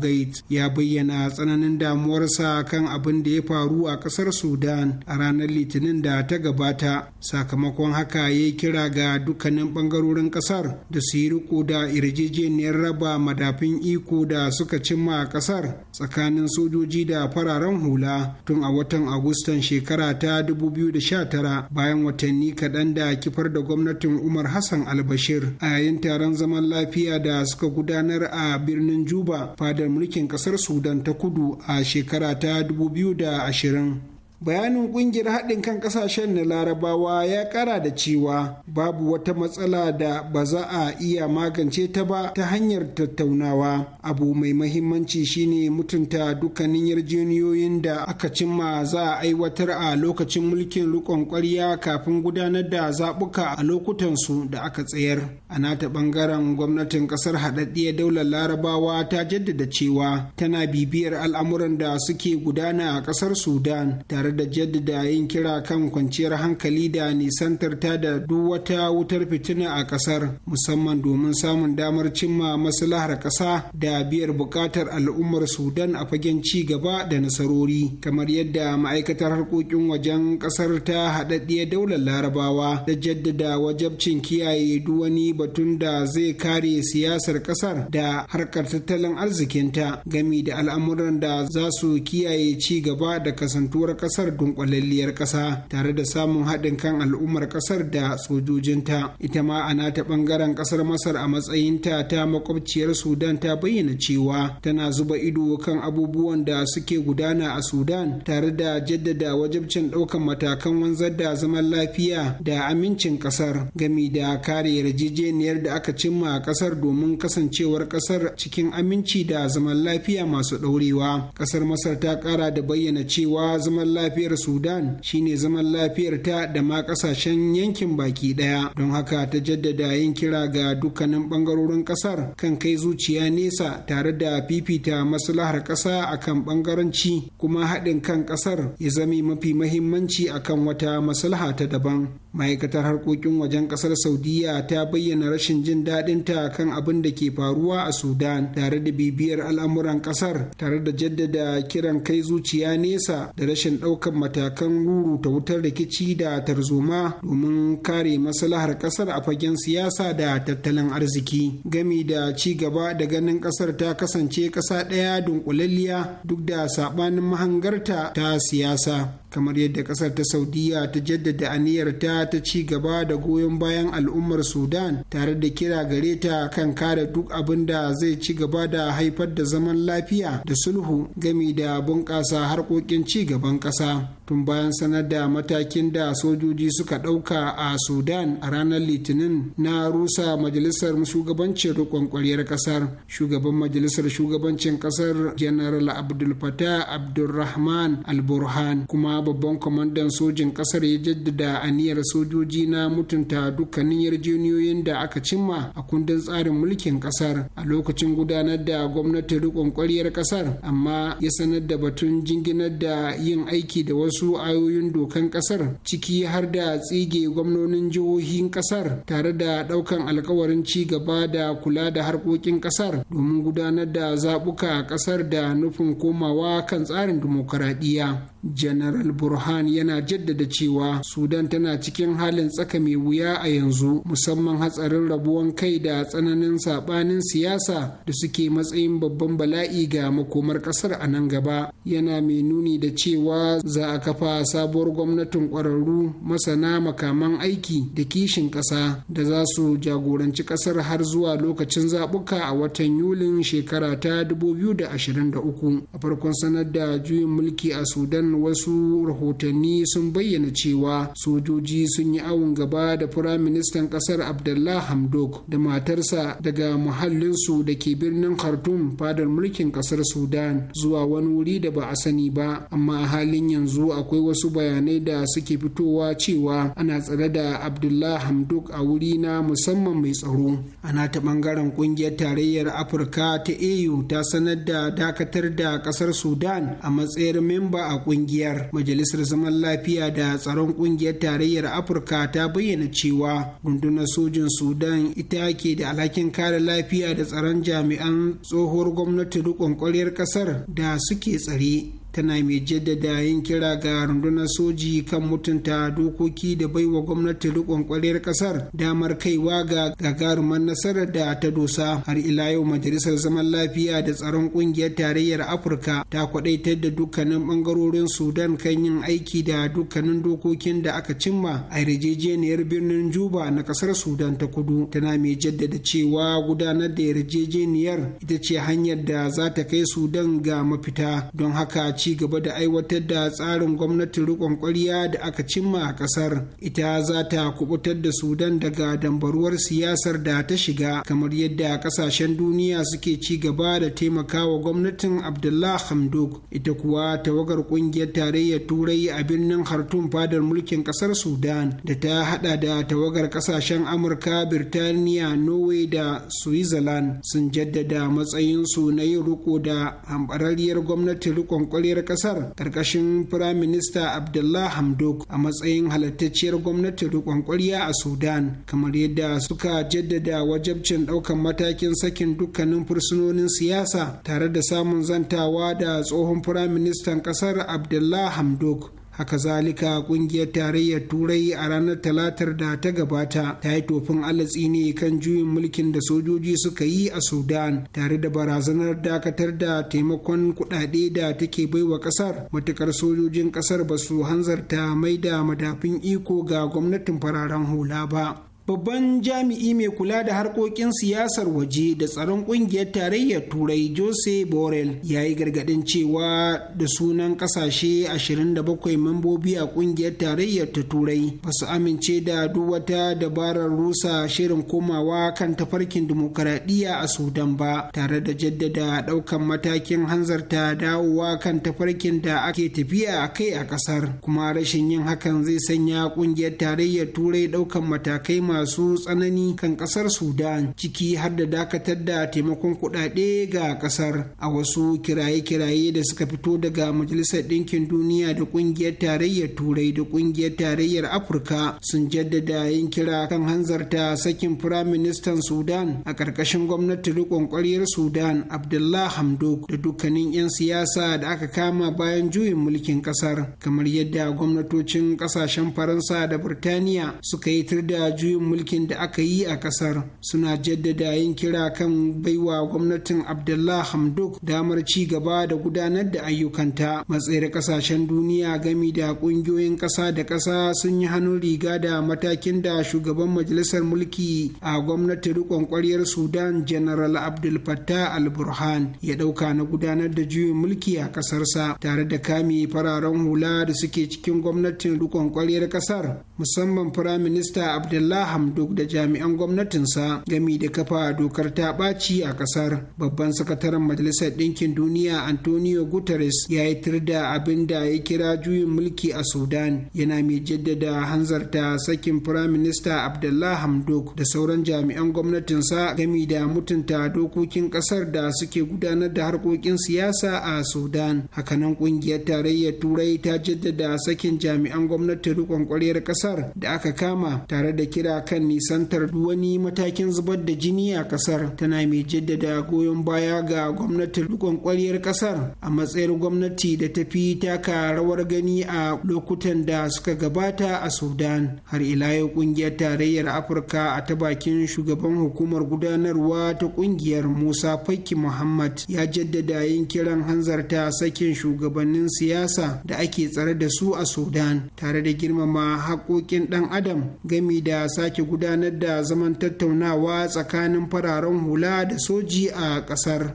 ya bayyana tsananin damuwarsa kan abin da ya faru a kasar sudan a ranar litinin da ta gabata sakamakon haka ya yi kira ga dukkanin bangarorin kasar da su yi riko da yarjejeniyar raba madafin iko da suka cimma a kasar tsakanin sojoji da fararen hula tun a watan agustan shekara ta 2019 bayan watanni kaɗan da kifar da gwamnatin umar hassan albashir a yayin taron zaman lafiya da suka gudanar a birnin juba fadar mulkin kasar sudan ta kudu a shekara ta 2020 Entwicklung bayanin kungiyar haɗin kan ƙasashen na larabawa ya ƙara da cewa babu wata matsala da ba za a iya magance ta ba ta hanyar tattaunawa abu mai mahimmanci shine mutunta dukkanin yarjejeniyoyin da aka cimma za a aiwatar a lokacin mulkin rikon kwarya kafin gudanar da zaɓuka a lokutan su da aka tsayar a nata ɓangaren gwamnatin ƙasar haɗaɗɗiyar daular larabawa ta jaddada cewa tana bibiyar al'amuran da suke gudana a ƙasar sudan tare tare da jaddada yin kira kan kwanciyar hankali da nisantar ta da duk wata wutar fitina a ƙasar musamman domin samun damar cimma maslahar ƙasa da biyar buƙatar al'ummar sudan a fagen ci gaba da nasarori kamar yadda ma'aikatar harkokin wajen ƙasar ta haɗaɗɗiyar daular larabawa da jaddada wajabcin kiyaye duk wani batun da zai kare siyasar ƙasar da harkar tattalin arzikinta gami da al'amuran da za su kiyaye ci gaba da kasantuwar kasar kasar dunkwalalliyar kasa tare da samun haɗin kan al'ummar kasar da sojojinta ita ma a nata ɓangaren ƙasar masar a matsayinta ta makwabciyar sudan ta bayyana cewa tana zuba ido kan abubuwan da suke gudana a sudan tare da jaddada wajibcin ɗaukan matakan wanzar da zaman lafiya da amincin kasar gami da kare yarjejeniyar da aka cimma a kasar domin kasancewar kasar cikin aminci da zaman lafiya masu ɗaurewa ƙasar masar ta kara da bayyana cewa zaman lafiya lafiyar sudan shine zaman lafiyar ta da ma kasashen yankin baki daya don haka ta jaddada yin kira ga dukkanin bangarorin kasar kan kai zuciya nesa tare da fifita maslahar kasa akan bangaranci kuma haɗin kan kasar ya zame mafi mahimmanci akan wata maslaha ta daban ma'aikatar harkokin wajen kasar saudiya ta bayyana rashin jin daɗin ta kan abin da ke faruwa a sudan tare da bibiyar al'amuran kasar tare da jaddada kiran kai zuciya nesa da rashin ɗaukar matakan ruru ta wutar rikici da tarzoma domin kare maslahar kasar a fagen siyasa da tattalin arziki gami da ci gaba da ganin kasar ta kasance ƙasa ɗaya dunkulalliya duk da saɓanin mahangarta ta siyasa kamar yadda kasar ta saudiya ta jaddada aniyarta ta ci gaba da goyon bayan al'ummar sudan tare da kira gare ta kan kare duk abin da zai ci gaba da haifar da zaman lafiya da sulhu gami da bunƙasa harkokin ci gaban ƙasa tun bayan sanar da matakin da sojoji suka ɗauka a sudan a ranar litinin na rusa majalisar shugabancin rikon ƙwaryar ƙasar shugaban majalisar shugabancin ƙasar general abdul fatah abdulrahman al-burhan kuma babban kwamandan sojin kasar ya jaddada aniyar sojoji na mutunta dukkanin yarjejeniyoyin da aka cimma a kundin tsarin mulkin kasar a lokacin gudanar da gwamnati rikon kwariyar kasar amma ya sanar da batun jinginar da yin aiki da wasu ayoyin dokan kasar ciki har da tsige gwamnonin jihohin kasar tare da ɗaukan alkawarin ci gaba da kula da harkokin kasar domin gudanar da zaɓuka a kasar da nufin komawa kan tsarin dimokuraɗiyya General Burhan yana jaddada cewa Sudan tana cikin halin tsaka mai wuya a yanzu musamman hatsarin rabuwan kai da tsananin sabanin siyasa da suke matsayin babban bala'i ga makomar kasar a nan gaba yana mai nuni da cewa za a kafa sabuwar gwamnatin kwararru masana makaman aiki da kishin ƙasa da za su jagoranci ƙasar har zuwa lokacin zaɓuka a watan Yulin shekara ta 2023 a farkon sanar da juyin mulki a Sudan wasu rahotanni sun bayyana cewa sojoji sun yi awon gaba da firaministan kasar abdullah hamdok da matarsa daga muhallinsu da ke birnin khartoum fadar mulkin kasar sudan zuwa wani wuri da ba a sani ba amma a halin yanzu akwai wasu bayanai da suke fitowa cewa ana tsare da abdullah hamdok a wuri na musamman mai tsaro ana ta bangaren kungiyar tarayyar afirka ta au ta sanar da dakatar da ƙasar sudan a matsayin memba a kungiyar majalisar zaman lafiya da tsaron kungiyar tarayyar afirka ta bayyana cewa rundunar sojin sudan ita ke da alhakin kare lafiya da tsaron jami'an tsohuwar gwamnati rikon kwaryar kasar da suke tsare tana mai jaddada yin kira ga rundunar soji kan mutunta dokoki da baiwa gwamnati riƙon ƙwarriyar ƙasar damar kaiwa ga gagarumar nasarar da ta dosa har ila yau majalisar zaman lafiya da tsaron ƙungiyar tarayyar afirka ta kwadaitar da dukkanin ɓangarorin sudan kan yin aiki da dukkanin dokokin da aka cimma a yarjejeniyar birnin juba na ƙasar sudan ta kudu tana mai jaddada cewa gudanar da yarjejeniyar ita ce hanyar da za ta kai sudan ga mafita don haka ce ci gaba da aiwatar da tsarin gwamnatin rikon kwariya da aka cimma a ƙasar ita za ta kubutar da sudan daga dambaruwar siyasar da ta shiga kamar yadda ƙasashen duniya suke ci gaba da taimakawa gwamnatin abdullah hamdok ita kuwa tawagar ƙungiyar tarayyar turai a birnin hartun fadar mulkin ƙasar sudan da ta hada da tawagar ƙasashen amurka birtaniya norway da switzerland sun jaddada matsayinsu na yin riko da hambararriyar gwamnatin rikon wariyar kasar karkashin firaminista abdullah hamdok a matsayin halittacciyar gwamnati riƙon kwarya a sudan kamar yadda suka jaddada wajabcin ɗaukan matakin sakin dukkanin fursunonin siyasa tare da samun zantawa da tsohon firaministan kasar abdullah hamdok A kazalika, kungiyar tarayyar turai a ranar talatar da ta gabata ta yi tofin alatsi ne kan juyin mulkin da sojoji suka yi a sudan tare da barazanar dakatar da taimakon kuɗaɗe da take baiwa ƙasar matukar sojojin ƙasar ba su hanzarta mai da madafin iko ga gwamnatin fararen hula ba babban jami'i mai kula da harkokin siyasar waje da tsaron kungiyar tarayyar turai jose borel ya yi gargadin cewa da sunan kasashe 27 mambobi a kungiyar tarayyar ta turai ba su amince da duk wata dabarar rusa shirin komawa kan tafarkin dimokuraɗiyya a sudan ba tare da jaddada ɗaukan matakin hanzarta dawowa kan tafarkin da ake tafiya a kai a ƙasar kuma rashin yin hakan zai sanya kungiyar tarayyar turai ɗaukan matakai masu masu tsanani kan kasar sudan ciki har da dakatar da taimakon kuɗaɗe ga kasar a wasu kiraye-kiraye da suka fito daga majalisar ɗinkin duniya da ƙungiyar tarayyar turai da ƙungiyar tarayyar afirka sun jaddada yin kira kan hanzarta sakin firaministan sudan a ƙarƙashin gwamnati riƙon ƙwaryar sudan abdullah hamdok da dukkanin 'yan siyasa da aka kama bayan juyin mulkin ƙasar kamar yadda gwamnatocin ƙasashen faransa da Birtaniya suka yi tur da juyin mulkin da aka yi a kasar suna jaddada yin kira kan baiwa gwamnatin abdullah Hamduk, damar ci gaba da gudanar da ayyukanta matsayar kasashen duniya gami da kungiyoyin kasa da kasa sun yi hannun riga da matakin da shugaban majalisar mulki a gwamnati rikon kwaryar sudan general abdul fattah al-burhan ya dauka na gudanar da juyin mulki a kasarsa tare da kame fararen hula da suke cikin gwamnatin rikon kwaryar kasar musamman firaminista abdullah duk da jami'an gwamnatinsa gami da kafa dokar ta ɓaci a ƙasar babban sakataren majalisar ɗinkin duniya antonio guterres ya yi da abin da ya kira juyin mulki a sudan yana mai jaddada hanzarta sakin firaminista abdullah hamdok da sauran jami'an gwamnatinsa gami da mutunta dokokin ƙasar da suke gudanar da harkokin siyasa a sudan hakanan ƙungiyar tarayyar turai ta jaddada sakin jami'an gwamnati rikon ƙwaryar ƙasar da aka kama tare da kira kan nisantar wani matakin zubar da jini a kasar tana mai jaddada goyon baya ga gwamnatin rikon kwaryar kasar a matsayin gwamnati da ta fi taka rawar gani a lokutan da suka gabata a sudan har ila yau kungiyar tarayyar afirka a ta bakin shugaban hukumar gudanarwa ta kungiyar musa fakki muhammad ya jaddada yin kiran hanzarta sakin shugabannin siyasa da ake tsare da su a sudan tare da girmama haƙoƙin ɗan adam gami da sake sake gudanar da zaman tattaunawa tsakanin fararen hula da soji a ƙasar.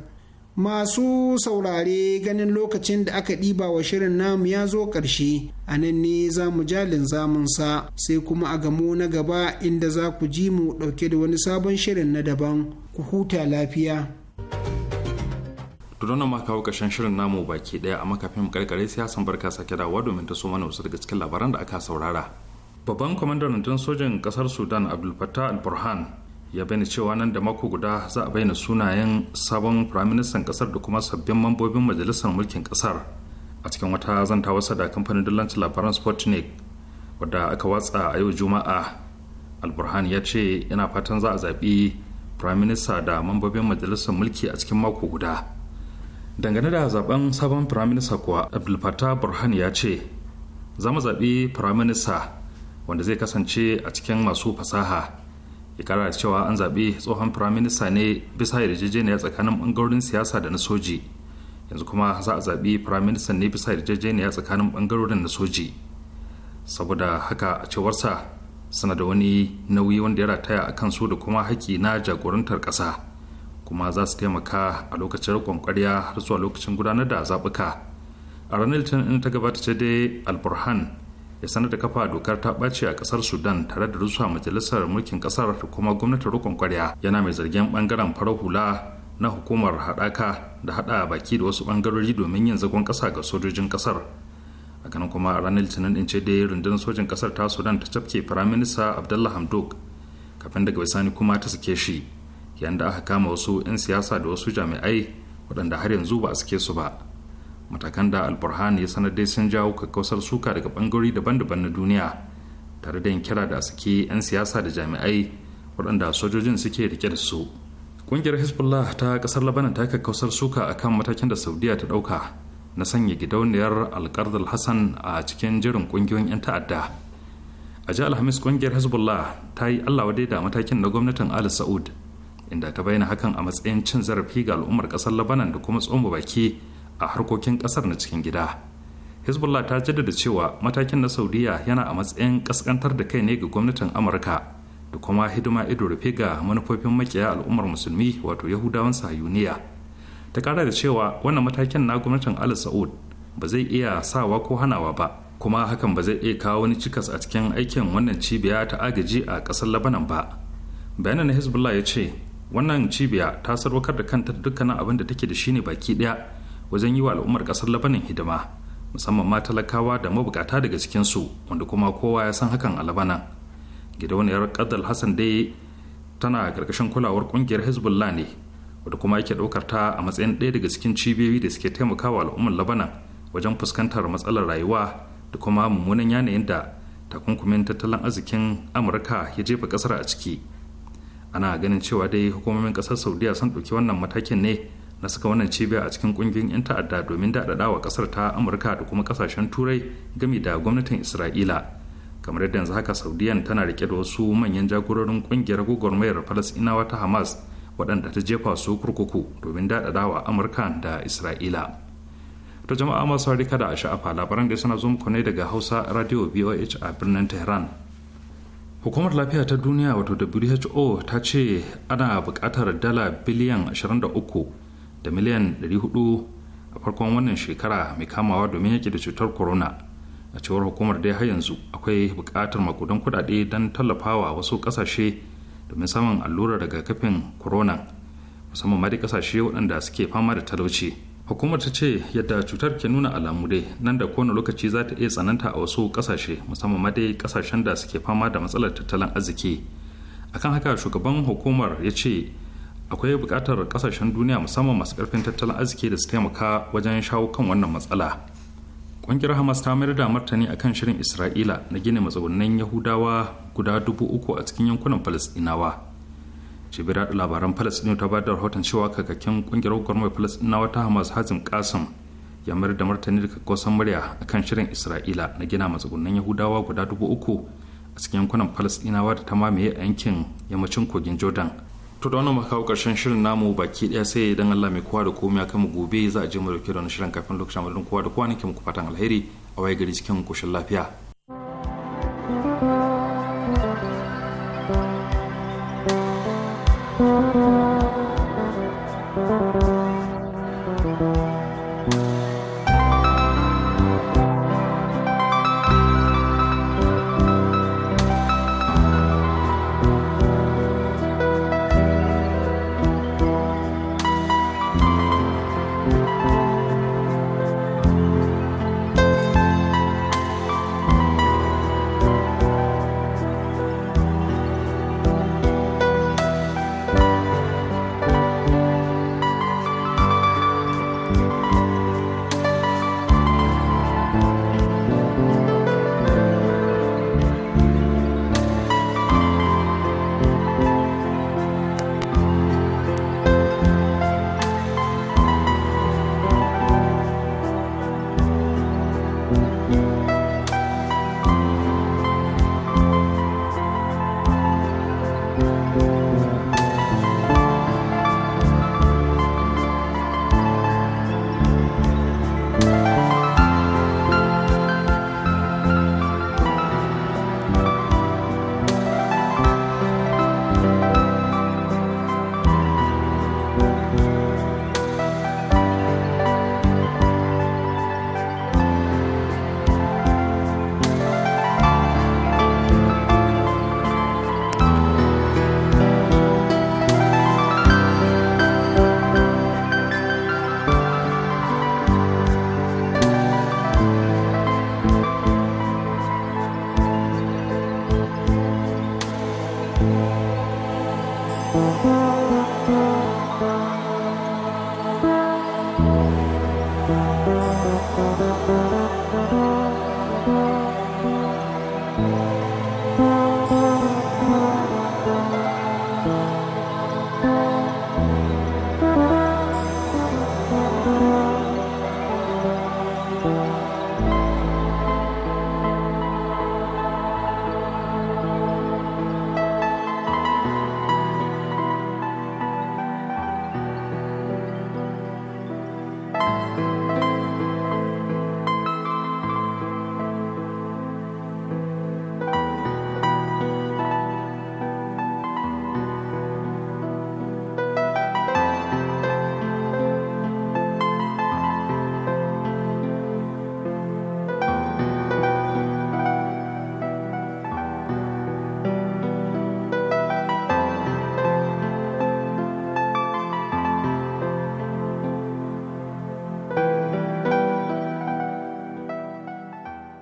Masu saurare ganin lokacin da aka ɗiba wa shirin namu ya zo ƙarshe, a nan ne za mu jalin zamunsa sai kuma a gamo na gaba inda za ku ji mu ɗauke da wani sabon shirin na daban, ku huta lafiya. Tudunan ma kawo ƙarshen shirin namu baki ɗaya a makafin karkare sai ya san barka sake dawa domin ta so mana wasu daga cikin labaran da aka saurara. babban kwamandan rundunar sojan kasar sudan abdul al-burhan ya bayyana cewa nan da mako guda za a bayyana sunayen sabon firaministan kasar da kuma sabbin mambobin majalisar mulkin kasar a cikin wata zantawa da kamfanin dillancin labaran sputnik wadda aka watsa a yau juma'a al-burhan ya ce yana fatan za a zaɓi firaminista da mambobin majalisar mulki a cikin mako guda dangane da zaben sabon firaminista kuwa abdul burhan ya ce za mu zaɓi firaminista wanda zai kasance a cikin masu fasaha ya kara cewa an zaɓi tsohon firaminista ne bisa yarjejeniya tsakanin ɓangarorin siyasa da na soji yanzu kuma za a zaɓi firaministan ne bisa yarjejeniya tsakanin ɓangarorin na soji saboda haka a cewarsa suna da wani nauyi wanda ya rataya a kan su da kuma haƙƙi na jagorantar ƙasa kuma za su taimaka a lokacin riƙon ƙwarya har zuwa lokacin gudanar da zaɓuka a ranar litinin ta gabata ce dai alburhan ya sanar da kafa dokar ta ɓace a ƙasar sudan tare da rusa majalisar mulkin ƙasar da kuma gwamnatin rukun kwarya yana mai zargin ɓangaren farar hula na hukumar haɗaka da haɗa baki da wasu ɓangarori domin yin zagon ƙasa ga sojojin ƙasar a ganin kuma a ranar litinin ɗin ce dai rundunar sojin ƙasar ta sudan ta cafke firaminista abdullah hamdok kafin daga bisani kuma ta sake shi yayin da aka kama wasu 'yan siyasa da wasu jami'ai waɗanda har yanzu ba a sake su ba matakan da alburhan ya sanar dai sun jawo kakkausar suka daga bangarori daban-daban na duniya tare da yin kira da suke 'yan siyasa da jami'ai waɗanda sojojin suke rike da su ƙungiyar hezbollah ta ƙasar labanan ta kakkausar suka akan matakin da saudiya ta ɗauka na sanya gidauniyar alƙardar hassan a cikin jirin ƙungiyoyin 'yan ta'adda a ji alhamis ƙungiyar hezbollah ta yi allawa dai da matakin na gwamnatin ali sa'ud inda ta bayyana hakan a matsayin cin zarafi ga al'ummar ƙasar labanan da kuma tsoma baki a harkokin kasar na cikin gida hezbollah ta jaddada cewa matakin na saudiya yana a matsayin kaskantar da kai ne ga gwamnatin amurka da kuma hidima ido rufe ga manufofin makiya al'ummar musulmi wato yahudawan sahayuniya ta kara da cewa wannan matakin na gwamnatin al saud ba zai iya sawa ko hanawa ba kuma hakan ba zai iya kawo wani cikas a cikin aikin wannan cibiya ta agaji a ƙasar labanan ba bayanan hezbollah ya ce wannan cibiya ta sarwakar da kanta dukkanin abin da take da shi ne baki ɗaya wajen yi wa al'ummar kasar labanin hidima musamman ma talakawa da mabukata daga cikinsu wanda kuma kowa ya san hakan a labanan gidauniyar kadal hassan dai tana karkashin kulawar kungiyar hezbollah ne wadda kuma yake daukar ta a matsayin ɗaya daga cikin cibiyoyi da suke taimakawa al'ummar labanan wajen fuskantar matsalar rayuwa da kuma mummunan yanayin da takunkumin tattalin arzikin amurka ya jefa kasar a ciki ana ganin cewa dai hukumomin kasar saudiya sun ɗauki wannan matakin ne na saka wannan cibiya a cikin kungiyoyin 'yan ta'adda domin daɗaɗa wa ƙasar ta amurka da kuma ƙasashen turai gami da gwamnatin isra'ila kamar yadda yanzu haka saudiyan tana rike da wasu manyan jagororin ƙungiyar mayar falasɗinawa ta hamas waɗanda ta jefa su kurkuku domin daɗaɗa wa amurka da isra'ila ta jama'a masu harika da a sha'afa labaran da suna zo muku daga hausa radio voh a birnin tehran hukumar lafiya ta duniya wato who ta ce ana bukatar dala biliyan 23 da miliyan 400 a farkon wannan shekara mai kamawa domin yaki da cutar corona a cewar hukumar dai har yanzu akwai bukatar makudan kudade don tallafawa wasu kasashe domin samun allurar rigakafin corona musamman ma dai kasashe waɗanda suke fama da talauci hukumar ta ce yadda cutar ke nuna alamu dai nan da kowane lokaci za ta iya tsananta a wasu kasashe musamman ma dai kasashen da suke fama da matsalar tattalin arziki akan haka shugaban hukumar ya ce akwai bukatar kasashen duniya musamman masu karfin tattalin arziki da su taimaka wajen shawo kan wannan matsala ƙungiyar hamas ta mayar da martani akan shirin isra'ila na gina matsugunan yahudawa guda dubu uku a cikin yankunan falastinawa cibiyar da labaran falastinu ta bada rahoton cewa kakakin ƙungiyar gwamnati falastinawa ta hamas hazim kasim ya mayar da martani da kakkosan murya akan shirin isra'ila na gina matsugunan yahudawa guda dubu uku a cikin yankunan falastinawa da ta mamaye a yankin yammacin kogin jordan to da wannan kawo karshen shirin namu baki daya sai idan Allah mai kowa da komai ya kama gobe za a je mu dauke da wani shirin kafin lokacin madadin kowa da kowa nake muku fatan alheri a waye gari cikin koshin lafiya